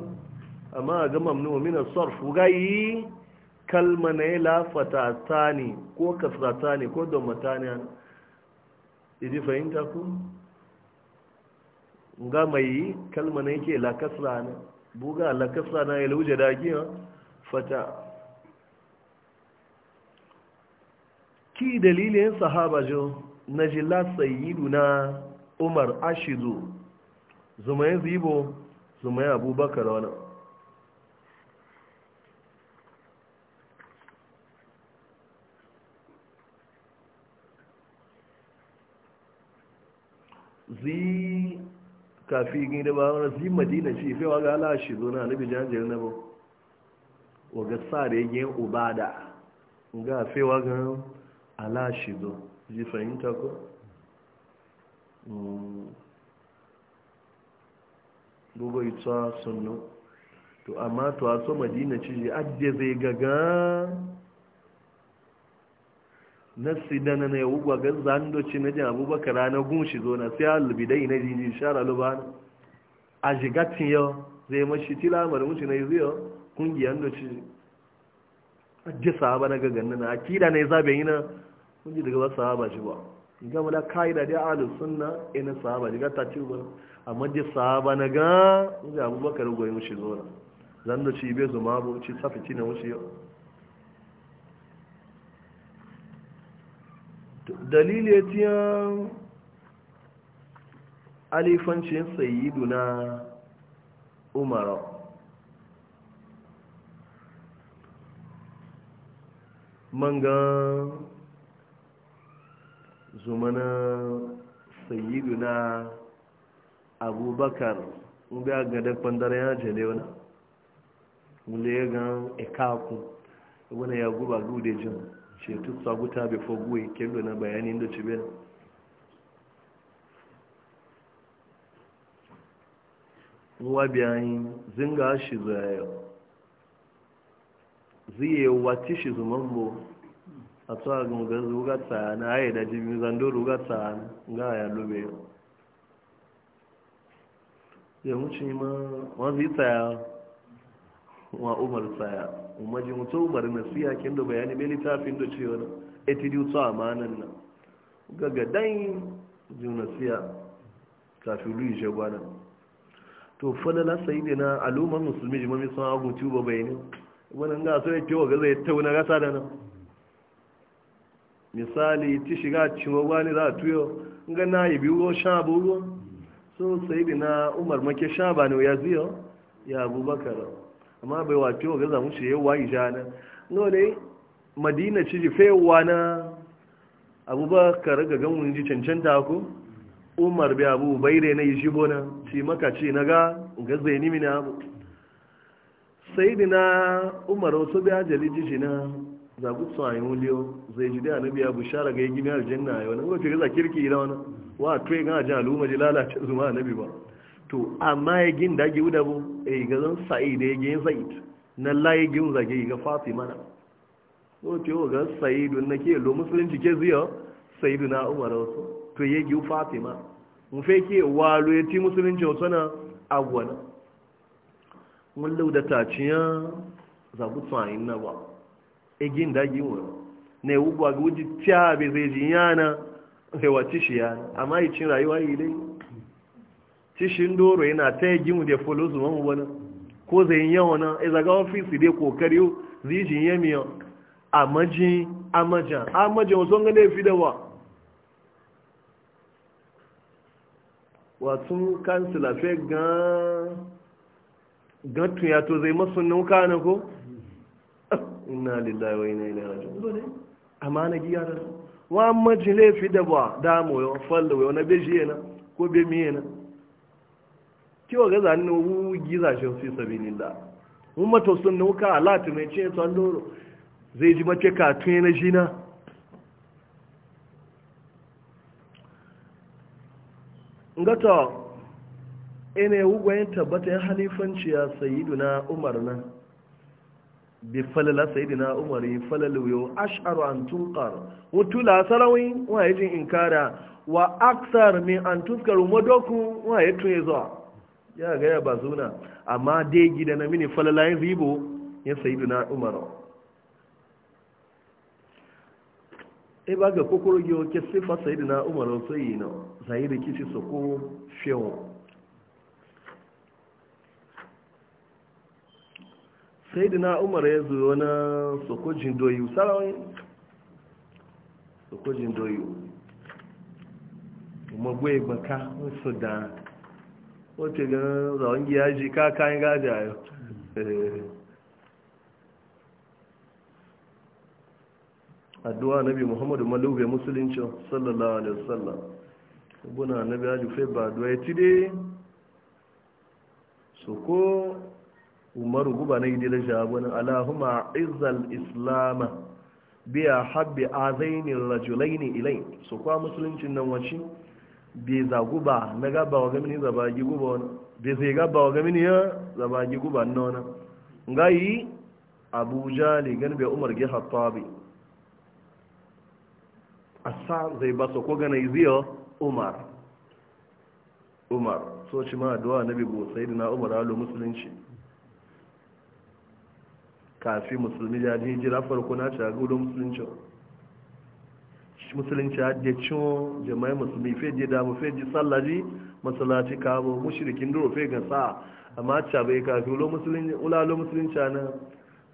amma a gama min mina sarf gayi kalma na la lafata ko kasratani ko don yaje ji fahimta ku ga mai kalma na yake la kasra na buga la kasra na ya lauje da giya fata ki dalilin sahaba jo na sayyiduna umar ashidu zuma yanzu ibo zuma ya abubakar wani zi kafi gida ba wani zi madina ce fewa ga ala shi zo na nabi jajiyar na ba waga sa da yake yin ubada ga fewa ga ala shi zo ji fahimta gogo ita sunnu to amma to a so madina ci adde zai gaga na sida na yau gwaga zando ci na jan abubakar na gunshi zo na sai alubi dai na jiji shara lubana a shigatin yau zai mashi tila mara mutu na yiwu kungiyar da ci adde sahaba na gagan na akida ne zabe yi na kungi daga ba sahaba shi ba gama da ka'ida dai ahlus sunna ina sahaba daga ta ci ba amma da sahaba na ga da abubakar goyi mushi zora zan da ci bai zuma bu ci safiti na mushi dalili ya tiya alifancin sayidu na umara manga zumana sayidu na abubakar ga agada kwandara ya jele wani mule ya gan ikaku wani ya guba gude jin ce tutsa guta bai foguwe kendo na bayanin da cibiyar nwa biyanin zinga shi zuwa ziye wati shi zumanbo a tsawa gungar zuwa tsaya na haida jimi zandoro ruga tsaya ga ya lube. yau ya wuce ma wọ́n fi tsaya wa umar tsaya umajin mutu umar nasiya siya kin da bayani bai littafin da cewa na etidi eh, wuce a manan nan gaga dan juna siya kafin luyi shagwana to falala sai da na al'ummar musulmi jimami sun hagu tuba bayani wani ga so ya kewa ga zai tauna gasa da nan misali ti shiga cewa wani za a tuyo ga na yi biyu sha abubuwan so na umar make sha ba ne ya ziyo ya abubakar amma bai wato wa gaza shi ya wayi jana no ne madina ci ji fewa na abubakar ga gamun ji cancanta ko umar bai abu bai na yi shigo na ci maka ci na ga ga zai nimi na abu na umar wasu bai ajali ji na zagut sun ayi muliyo zai ji da anabi ya bushara ga gini aljanna ya wani wace gaza kirki ila wani wa tuwe ga ajiyar al'umma ji lalata [laughs] zuma anabi ba to amma ya gin da giwu da bu a yi eh, gazan sa'i da ya gin zait na layi gin zage yi ga fatima mana wace yau ga sa'idu na ke lo musulunci ke ziyo sa'idu na umar wasu to ya giwu fatima mu fe ke walo ya ti musulunci wasu na agwana mun lau da taciya zagut sun ayi na ba egin da gi won ne ubu agi uji tia be ze jinyana he watishi ya amma yi cin rayuwa yi dai tishin doro yana ta gi mu da folo zuma mu bana ko zai yin yawa na e zaga office dai kokari zi jin yemi amaji amaja amaja won songa ne fi da wa watun kansila fe gan gan tun ya to zai masu nuka na ko inna lillahi wa inna ilaihi raji'un dole amana giya da wa majile fi da ba da mu yo fallo yo na beji yana ko be mi yana ki wa gaza ni wu giza shi fi sabilillah mun mato sun nuka alati mai ce san doro zai ji mace ka tun na jina ngata ene ugwayin tabbata ya halifanci ya sayyiduna umar nan bi falala sayidina umar yi falalu yau ash'aru an tunqar wato la sarawi wa yajin inkara wa aksar min an tunkar madoku wa yatu yazo ya ga ya bazuna amma dai gidan na mini falala yin ribo ya sayidina umar e ba ga kokoro yo ke sifa sayidina umar sai yi no zahiri kici soko ko sai dina umar ya zo wani sokojin doyu sarawai sokojin doyu magwai baka wasu da wace ga ka anyị kayan gaja yau eh. addu'a nabi muhammadu malube musulunci sallallahu alaihi wasallam na nabi ajufai ba addu'a ya ci dai soko umaru guba na idil shabunin alahuma izal islama biya habbi azainin rajulaini ilai su kwa musulunci nan wacce bai za guba na gaba wa gamini zabagi guba wani bai zai gaba wa gamini ya zabagi guba nona? wani ngayi abuja ligan bai umar gi hattabi asa zai ba su ko gana iziyo umar umar so ci ma addu'a nabi go sayyidina umar alu musulunci kafin musulmi da ji jira farko na shaga gudun musulunci musulunci hadde cin jama'ai musulmi feji damu feji sallaji masalaci kamo mushirikin duro fe ga sa amma ca bai kafi ulalo musulunci na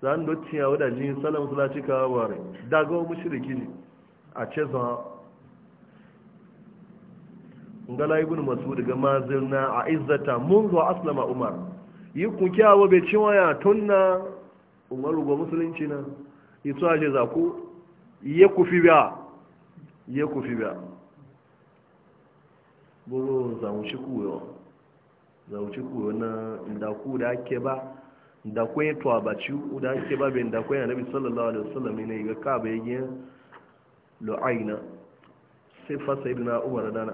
za ni dotti ya wada jin sallar masalaci kawo ware daga mushiriki ne a ce zama ngala ibn masud ga mazirna a izzata munzu aslama umar yi kunkiya wa bai cin waya tunna umaru ga musulunci na ito aje za ku iye ku fi biya ye ku biya buru zamuci kuyo zamuci kuyo na ndaku da ake ba ndaku ya tuwa baci da ake ba bai ndaku ya nabi sallallahu alaihi wasallam ne ga ka bai yi lo'aina sai fasa ibina umar dana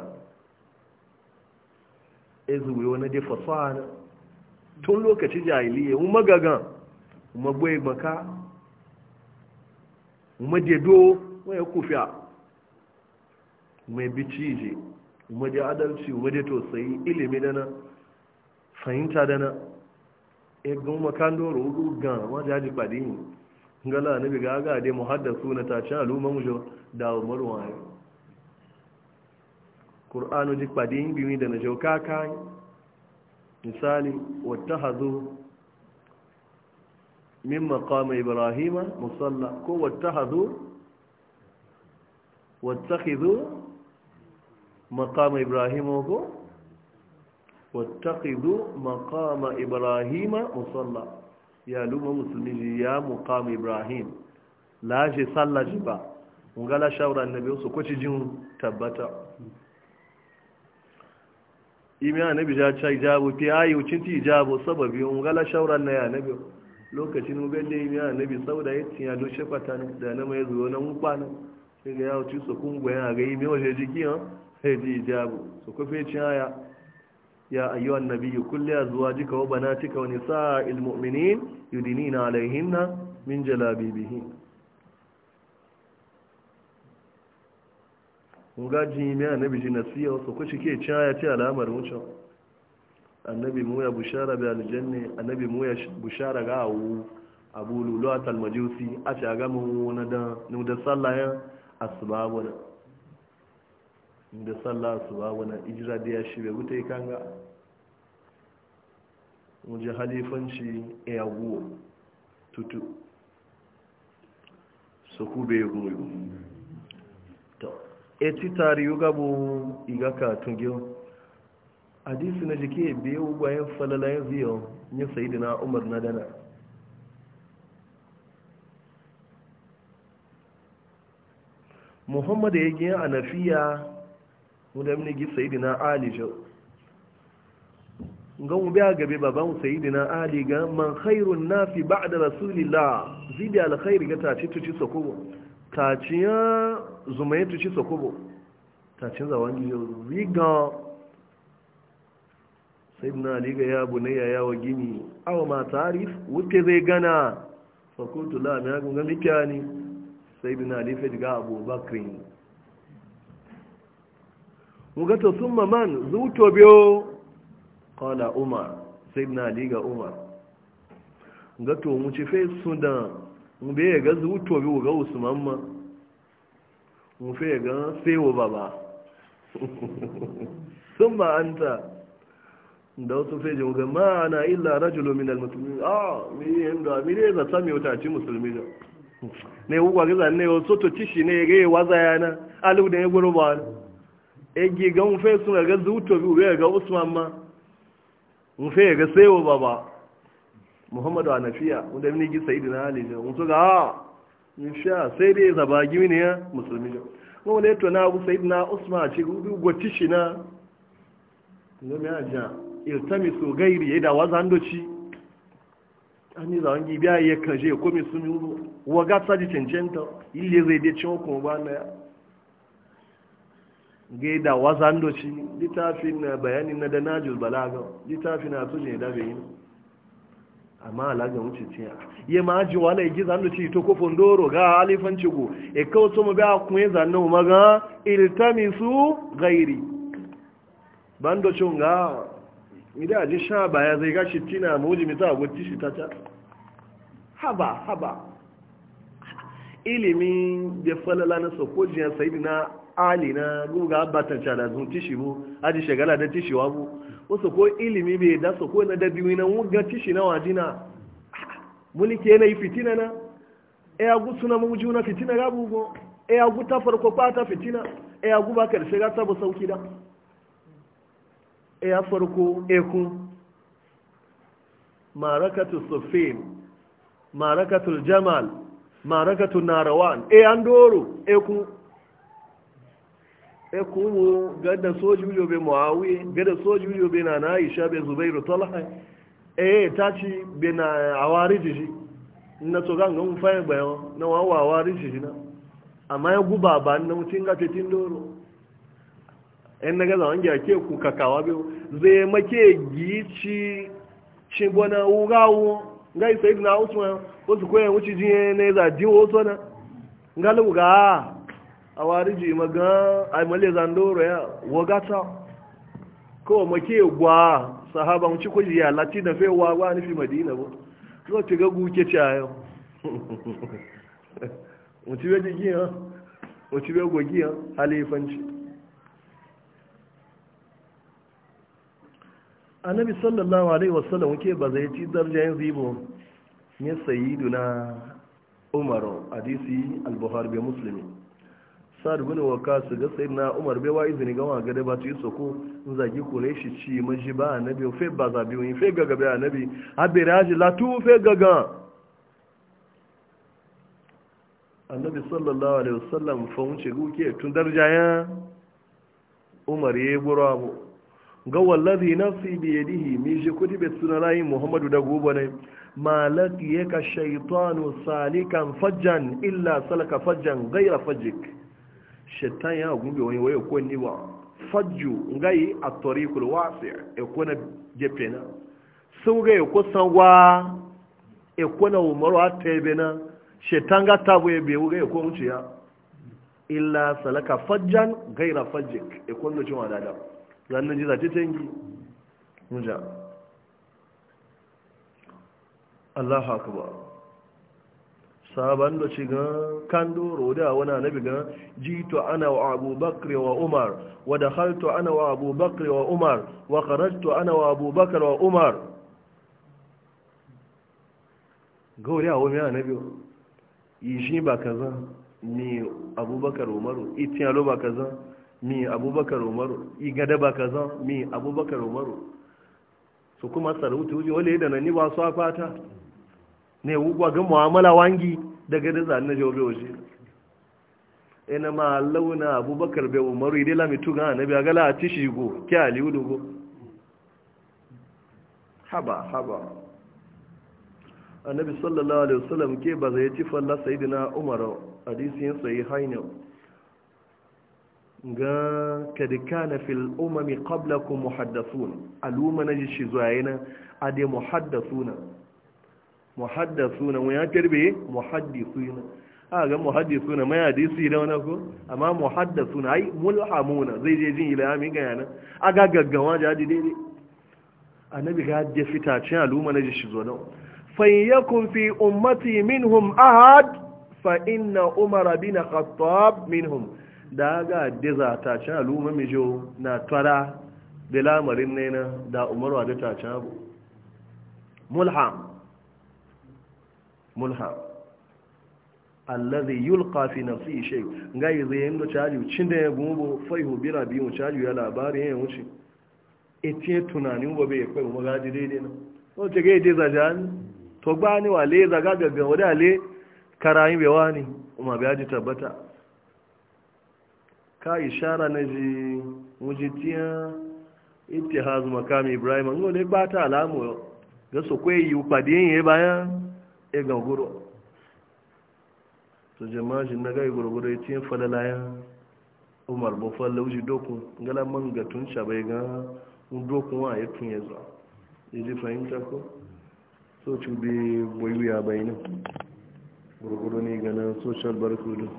ezuwe wani dai fasaha tun lokaci jahiliya un magagan magwai maka majedo waya kufiya mai bici je maje adalci maje tosayi ilimi dana fahimta dana egun makandoro ugu gan wajen haji padi yi ngala na biga aga suna muhaddasu na tashin al'umma mujo da umar wani ƙur'anu ji kpadi yi mi da na jau kakan misali wata hazo min maqama ibrahima musalla ko wattahadu wattakhidhu maqama ibrahima ko wattakhidhu maqama ibrahima musalla ya luma musulmi ya maqama ibrahim la je sallaji ba ngala shawara annabi su ko ci jin tabbata imi annabi ja cha ijabu ti ayu cinti ijabu sababi ngala shawara na ya annabi lokacin ugalle ya annabi sauda ya tinya don shafata da na mai zuwa na uba ne sai ga yawon ci sokun kungo a gayi mai washe jiki ha sai ji jabu su kufe cin haya ya kulle a zuwa jika wa banatika wa yudini na alaihin na min jalabibihin yi me annabi ji nasiya su kushi ke cin haya ci alamar wucin annabi mu ya bushara bi aljanna annabi mu ya bushara ga awu abu lulat almajusi a ci ga mu na da nu da sallayan asbabuna nu da sallah asbabuna ijra da ya be gutai kanga mu je halifanci ya guwa tutu su kube goyo to eti tari yugabu igaka tungiyo hadisi na jike biyu bayan falalayen falala ya sayi da na umar na dana muhammadu ya gina a nafiya wadda gi sayi da na alijo ga mu biya gabe baban sayi na ali ga man khairun nafi ba'da da rasulillah zidi alkhairi ga tace tuci sokobo taciya zumaye tuci sokobo tacin zawon gijo rigan sai na liga ya bu ne ya yawa gini awa ma tarif wuce zai gana fakultu la mai hagun gani kya ne sai na liga ga abubakrin mugata sun maman zuto biyo kala umar sai na liga umar gato mu ci fai da mu bai ga zuto biyo ga usman ma mu fai ga sai ba ba [laughs] sun ba an ta da wasu sai jin ga ma'ana illa rajulu min al-muslimin a ah, mi yanda mi ne za sami wata ci musulmi da ne ugwa ga zan ne wasu to tishi ne ga waza yana alu da ya goro ba e gi ga mu fai na ga zuto bi ga ga usman ma mu fai ga sayo baba muhammadu anafiya wanda mini gi sayyidina ali da mu to a ah, in sha sai dai zabagi ne ya musulmi da mu ne to na gu sayyidina usman ci gu tishi na ngome aja iltamisu gairi ya da waza handoci an yi zawon gibi ya kaje ya kome sun Wa gasa ji cancanta ile zai dai cin kuma ba na ya ga da waza handoci littafin na bayani na da najul balaga littafin na su ne da yin amma alaga wuce ce ya ma ji wala ya giza zandoci to ko fondoro ga halifan cigo e kawo su mu a kuma umar ga maga iltamisu gairi bandocin ga idan aji sha baya zai gashi tina moji mita agwati shi ta ta haba haba ilimin da falala na sokojiyar saidi na ali na guga abatan cada zun tishi bu aji shagala da tishiwa bu wasu ko ilimi bai da soko na dabiwi na wuga tishi na wajina mulki yana yi fitina na ya e gusu na mawuji na fitina gabu go ya e guta farko ta fitina ya e guba karshe ga sabu sauki da ya farko eku marakatu sufin marakatul jamal marakatu narawan e an doro eku eku wo gada soji miliyo be muawiye gada soji miliyo be na na aisha be zubairu talha e ta ci be na awari jiji na tsoron ga mun fayin bayan na wawa awari jiji na amma ya guba ba na mutum ga doro yan na gaza wangi ake ku kakawa biyu zai make gici shi gwana wugawo ga isa idina usman wasu koyan wuce jiye na za ji wato na galibu ga a wariji maga a male zandoro ya wagata ko make gwa sahaba mu kwaji ya lati da fe wa wa madina bo zo ti ga guke ci ayo mu ci be ji ha be gogi ha halifanci annabi sallallahu alaihi wasallam wake ba zai ci darajar zibo ne sayyiduna umaru hadisi al-buhari bai muslimi sa'ad wa kasu ga sayyidina umar bai wa izini ga wa gade ba ta yi soko in zagi kore shi ci maji ba annabi fe ba za biyu fe gaga bai annabi la tu fe gaga annabi sallallahu alaihi wasallam fa wuce guke tun darajar umar yayi burawo ga wallazi nafsi bi yadihi mi shi kudi bai suna layi muhammadu da gobe ne malak ka shaitanu salikan fajjan illa salaka fajjan gaira fajjik shaitan ya gumbe wani waye ko ni ba fajju a at-tariqul ya e kuna jefe na sun sau ga e ko sangwa e ko na umaru na shaitan ga tabu e be ga e ko muciya illa salaka fajjan gaira fajjik ya ko cewa dada zannan ji zace tengi muja Allahu akbar sahaban da ci ga kando roda wani nabi ga jito ana wa Abu Bakr wa Umar wa dakhaltu ana wa Abu Bakr wa Umar wa kharajtu ana wa Abu Bakr wa Umar gauri a wani nabi yi shi ba kaza ni Abu Bakar Umaru itin alo ba kaza mi abubakar umaru igada ba kaza mi abubakar umaru su kuma sarauta wuce wale da na ni ba su a fata ne wukwa ga mu'amala wangi daga da zane jawabe waje ina e ma launa abubakar bai umaru idai lamitu ga annabi a gala a go shigo ali aliyu go haba haba annabi sallallahu alaihi wasallam ke ba zai ci falla sayyidina umar hadisin sai hainu ga kadikana fil umami qablakum muhaddathun aluma naji shi zuwa yana ade muhaddathuna muhaddathuna wani tarbe muhaddithuna a ga muhaddithuna mai hadisi da wani ko amma muhaddathuna ai mulhamuna zai je jin ilhami ga yana aga gaggawa da hadi daidai annabi ga da fitacin aluma na shi zuwa nan fa yakun fi ummati minhum ahad fa inna umara bin khattab minhum da ga diza ta ci aluma mijo na tara da lamarin ne na da umarwa da ta ci abu mulham mulham allazi yulqa fi nafsi shay ngai zai yindo chaji caju cin da ya gumo faihu bira biyu caju ya labari ya wuce ete tunanin wa bai kai mu gaji daidai na to ce gai diza jan to gbani wa le zaga gaga bai wa ni kuma bai ji tabbata ka ishara na ji mujitiya ittihaz makami ibrahim ngo ne ba ta alamu ga su kwe yi upadiyin ya bayan e ga guro to jama ji na gai gurguru e ya tiyan ya umar bufal lauji dokun gala man ga tun shabai ga dokun wa ya e tun ya zo ya e ji fahimta ko so ci bi boyu ya bayanin gurguru ne ganin social barkudu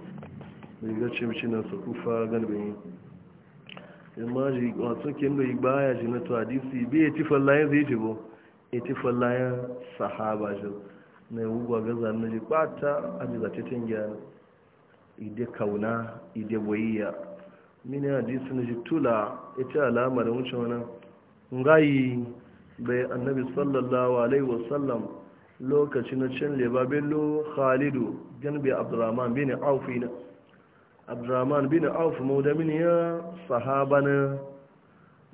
riga mace na su kufa galibin yin ma ji wasu kendo yi baya ji na hadisi bi ya ci layan zai ji ya ci layan sahaba shi na yi wugwa gaza na ji kwata a ji zace tun gyara ide kauna ide boyayya mini hadisi na ji tula ya ce alama da wuce wani ngayi bai annabi sallallahu alaihi wasallam lokaci na can lebabello khalidu jan bai abdurrahman bin aufi abdurrahman bin auf maudamin ya sahaba na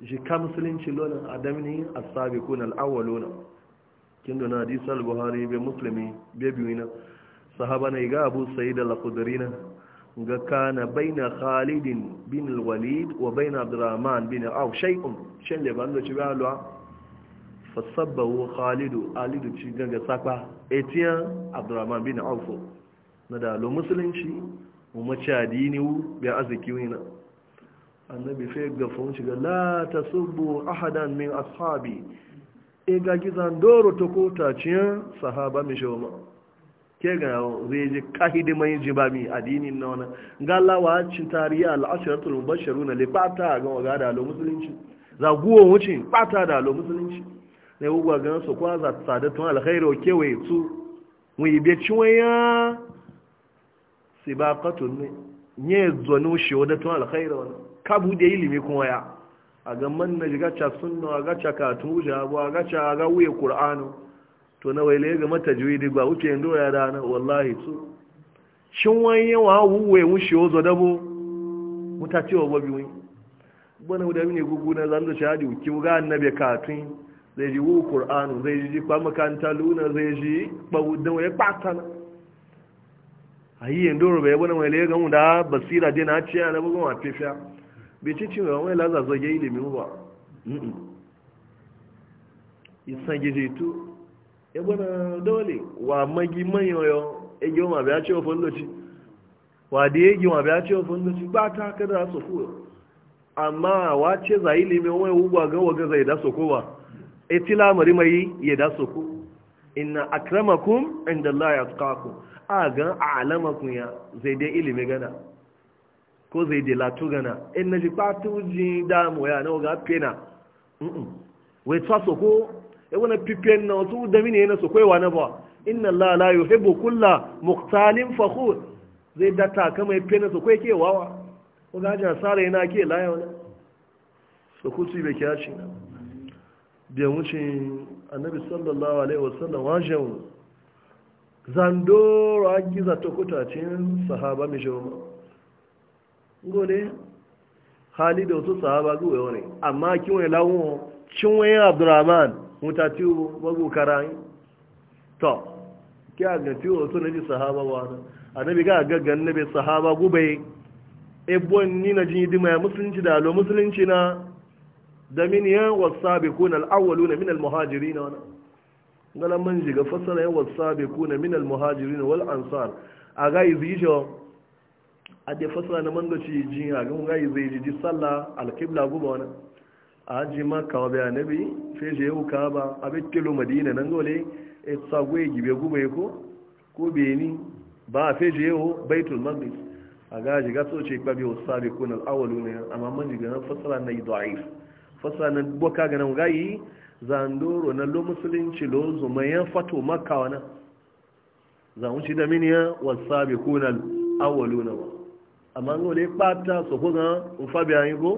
jika musulunci lona a a sabi kuna al'awalona kin dona na al-buhari bai musulmi bai biyu na sahaba na ga abu sa'id da khudri ga kana baina Khalidin bin al-walid wa baina abdurrahman bin auf shaikun shan le ban lokaci ba alwa fasabbahu Khalidu, alidu ci ganga sakwa etiyan abdurrahman bin auf na da lo musulunci umarci adini wu bai azikiwina wina annabi fai gafon shiga ga ta subu ahadan min ashabi e ga gizan doro ta kota ciyar sahaba mai shawama ke ga zai ji kahidi mai ji ba mi adinin na wani galawa cin tarihi al'ashiratul mubasharu na lifata ga waga da alo musulunci zaguwa wucin bata da alo musulunci na yi ugwa gan su kwaza sadatun alkhairu kewaye su mu yi sibaqatu ne nye zonu shi wada tun alkhairi wani kabu da ilimi kuma ya a ga man na jiga ca sunna a ga ca katun wuja bo a ga ca ga wuye qur'anu to na waile ga mata juwidi ba wuce ndo ya dana wallahi su shin wanye wa wuwe mu shi wazo dabo mutaci wa babi wi bana da mini gugu na zan da shahadi uki ga annabi katun zai ji wu qur'anu zai ji kwa makanta luna zai ji ba wudan waye patana ayi yin doro bai wani mai ga da basira dai na ciya na bugun a fifiya bai ci cin wani laza zage ilimi ba isan gije tu ya bana dole wa magi manyan yau ege ma biya ce ofin loci wa da ege ma biya ce ofin loci ba ta ka da su kuwa amma wace za ilimi wani ugwa ga waga zai da su ba etila mari mai ya da su kowa inna akramakum inda Allah ya tukaku a gan alamakun ya zai dai ilimi gana ko zai dai latu gana in na ji fatu ji damu ya na ga pena wai ta so ko ya e wani pipen na wasu dami ne yana so wa na ba inna Allah la yuhibbu kulla muqtalin fakhur zai da ta kama pena so kai ke wawa ko ga sare yana ke layo na so ku su be kiyashi na da wuce annabi sallallahu alaihi wasallam wajen zando a giza ta kutacin sahaba mai shawama gole hali da wasu sahaba zuwa yau ne amma kinwaye lawon cinwayen abdurrahman mutati wago karayi to ki a ganti wasu na ji sahaba a annabi ga gaggan na sahaba gubai ebon ni na jini dima ya musulunci da alo musulunci na da min ya wasabe kuna al'awwalu na minal muhajiri na wani galan man shiga fasara ya wasabe kuna min muhajiri na wani ansar a ga yi zijo a da fasara na man gaci ji a ga mun ga yi zai ji sallah alqibla guba wani a ji ma ka ba na fe je yau ka ba a bi kilo madina nan gole e gwai gibe guba ko ko beni ba a fe je yau baitul maqdis a ga ji ga so ce kwabi wasabe kuna al'awwalu ne amma man shiga fasara na yi da'if fasa na boka ga nan gayi zandoro na lo musulunci lo zuma ya fato makka wana za mu ci da miniya wasabi kunal awwaluna wa amma ngo le pata so ko ga u fabi ayi go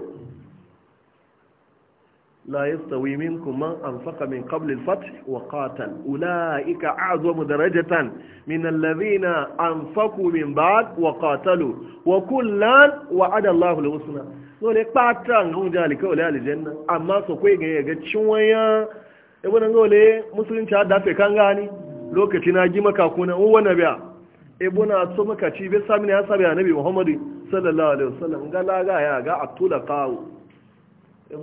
la yastawi minkum man anfaqa min qabl al-fath wa qatal ulaika a'zamu darajatan min alladhina anfaqu min ba'd wa qatalu wa kullan wa'ada Allahu al-husna so ne kpata ga hujja a alijanna amma so kai ga ga cinwaya ibn e ngole musulunci da fe kan gani lokaci na gima kakuna un wani biya ibn e so maka ci be samina ya sabi annabi muhammadu sallallahu alaihi wasallam ga laga ya ga atula qaw e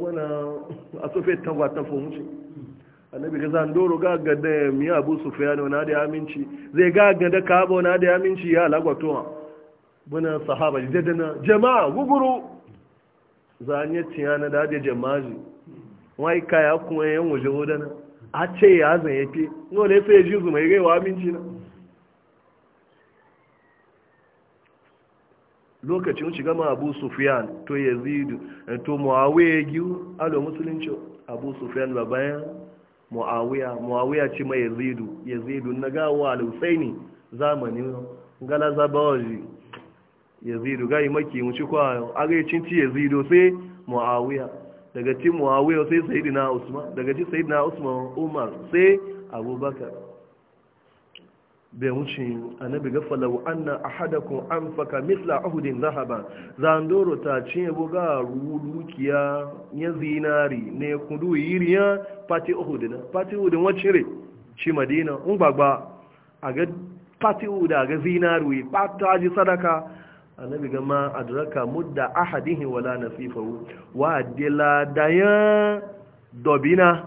da na ya zanye tiya na dade jamaji wai kaya kuma yan waje wadana a ce ya zan ya fi no ne sai ji mai ya wa minci na lokacin shiga ma abu sufiyan to zidu eh, to muawiya ya giyu alo musulunci abu sufiyan ba bayan muawiya muawiya ce mai ya zidu na gawa alusai ne zamanin galazabawaji yazidu gai maki mu ci kwa agaicin ci yazidu sai muawiya daga ci muawiya sai sayyidina usman daga ci sayyidina usman umar sai abubakar bai wuce annabi ga falau anna ahadakum anfaka mithla uhudin zahaba zandoro ta ce buga rudukiya ya zinari ne kudu yiriya pati uhudina pati uhudin wacire ci madina un gbagba a ga pati uhuda ga zinari pata sadaka annabi ga ma adraka mudda ahadihi wala nasifahu wa dila daya dobina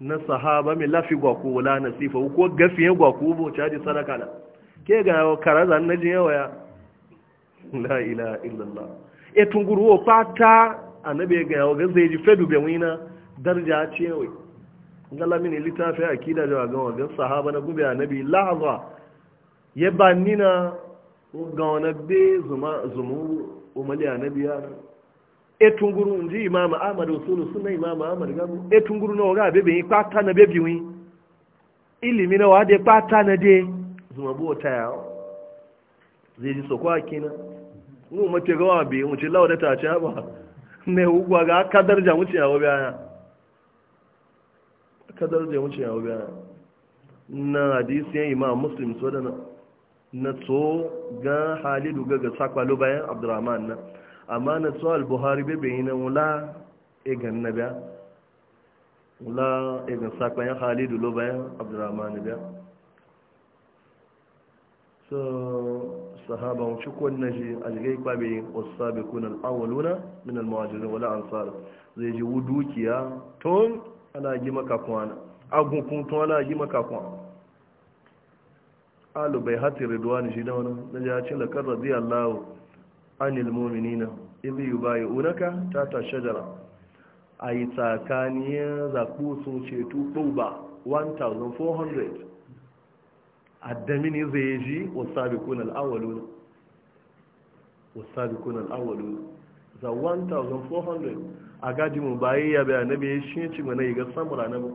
na sahaba mai lafi gwaku wala nasifahu ko gafiye gwaku bo caji sadaka da ke ga karaza na jin yawa ya la ilaha illallah e tunguru o pata annabi ga yawa ga zai ji fedu be wina darja ce wai ngala mini litafi akida da ga sahaba na gube annabi lahza ya ba nina ga wani be zumu umali a na yana Etunguru guru nji imama ahmad usulu suna imama ahmad gabu etun guru na waga bebe yi kpata na bebe wi ilimi na wade kpata na de zuma bu ta yawo zai ji sokwa kina mu mace gawa be mu ce lawada ta ci ba [laughs] ne hukwa ga aka darja mu ce yawo biya aka darja mu ce yawo biya na hadisi imam muslim so da na na to ga halilu ga lo bayan abdurrahman na amma na to al-buhari bebe yi na wula egan na biya wula egan yan halilu lo bayan abdurrahman na biya so sahaba wuce kwanne shi a jigai kwabe wasu kuna al'awaluna min al-mawajirin wala tsara zai ji wudukiya tun ana gima kakwana agunkun tun ana gima kakwana alu bai hati ridwani shi da wani na ya ce lakar radiyallahu anil bayi unaka ta ta shajara yi tsakaniyar zaku sun ceto tuba 1400 addamini zai ji wasabiqun al-awwalun wasabiqun al-awwalun za 1400 a mu bayi ya bayanabe shi ci mana ga samura bu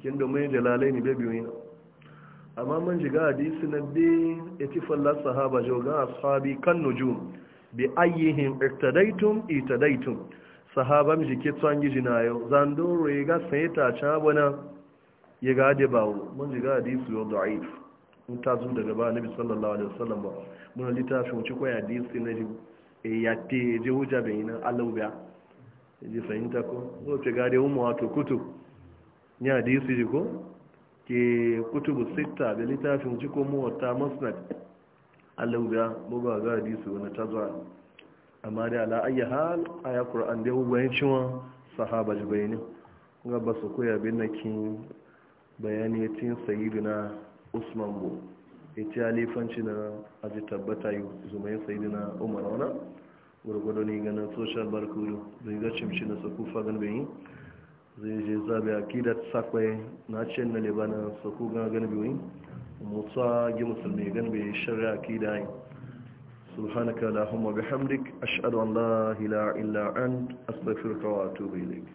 kin domin jalalai ne bebiyoyin amma man jiga hadisi na bi etifalla sahaba joga ashabi kan nujum bi ayyihim irtadaitum itadaitum sahaban jike tsan giji na zando riga sai ta chabona ya gade bawo man jiga hadisi yo da'if mun ta zo daga ba nabi sallallahu alaihi wasallam ba mun littafin wuce ko hadisi na ji e ya te e je huja bayina alawbiya e ji fahimta ko ko ce gade umma to kutu ni hadisi ji ko ke kutubu sita da littafin jiko muwatta masnad alauda buga ga hadisi wani ta zuwa amma da ala ayya hal ya qur'an da hubayin cewa sahaba jibaini ga ba su koya bin nakin bayani tin sayyidina usman bu ci alifanci na aji tabbata yi zumayin sayyidina umar na gurgudu ne ganin social barkudu zai ga cimci na sakufa gan bayin zai je zabi a kidar sakwe na cin na libana su ku gana gani biyu gi musulmi ganibi shari'a a kida yi subhanaka lahumma bihamdik ashhadu an illa an wa atubu ilayk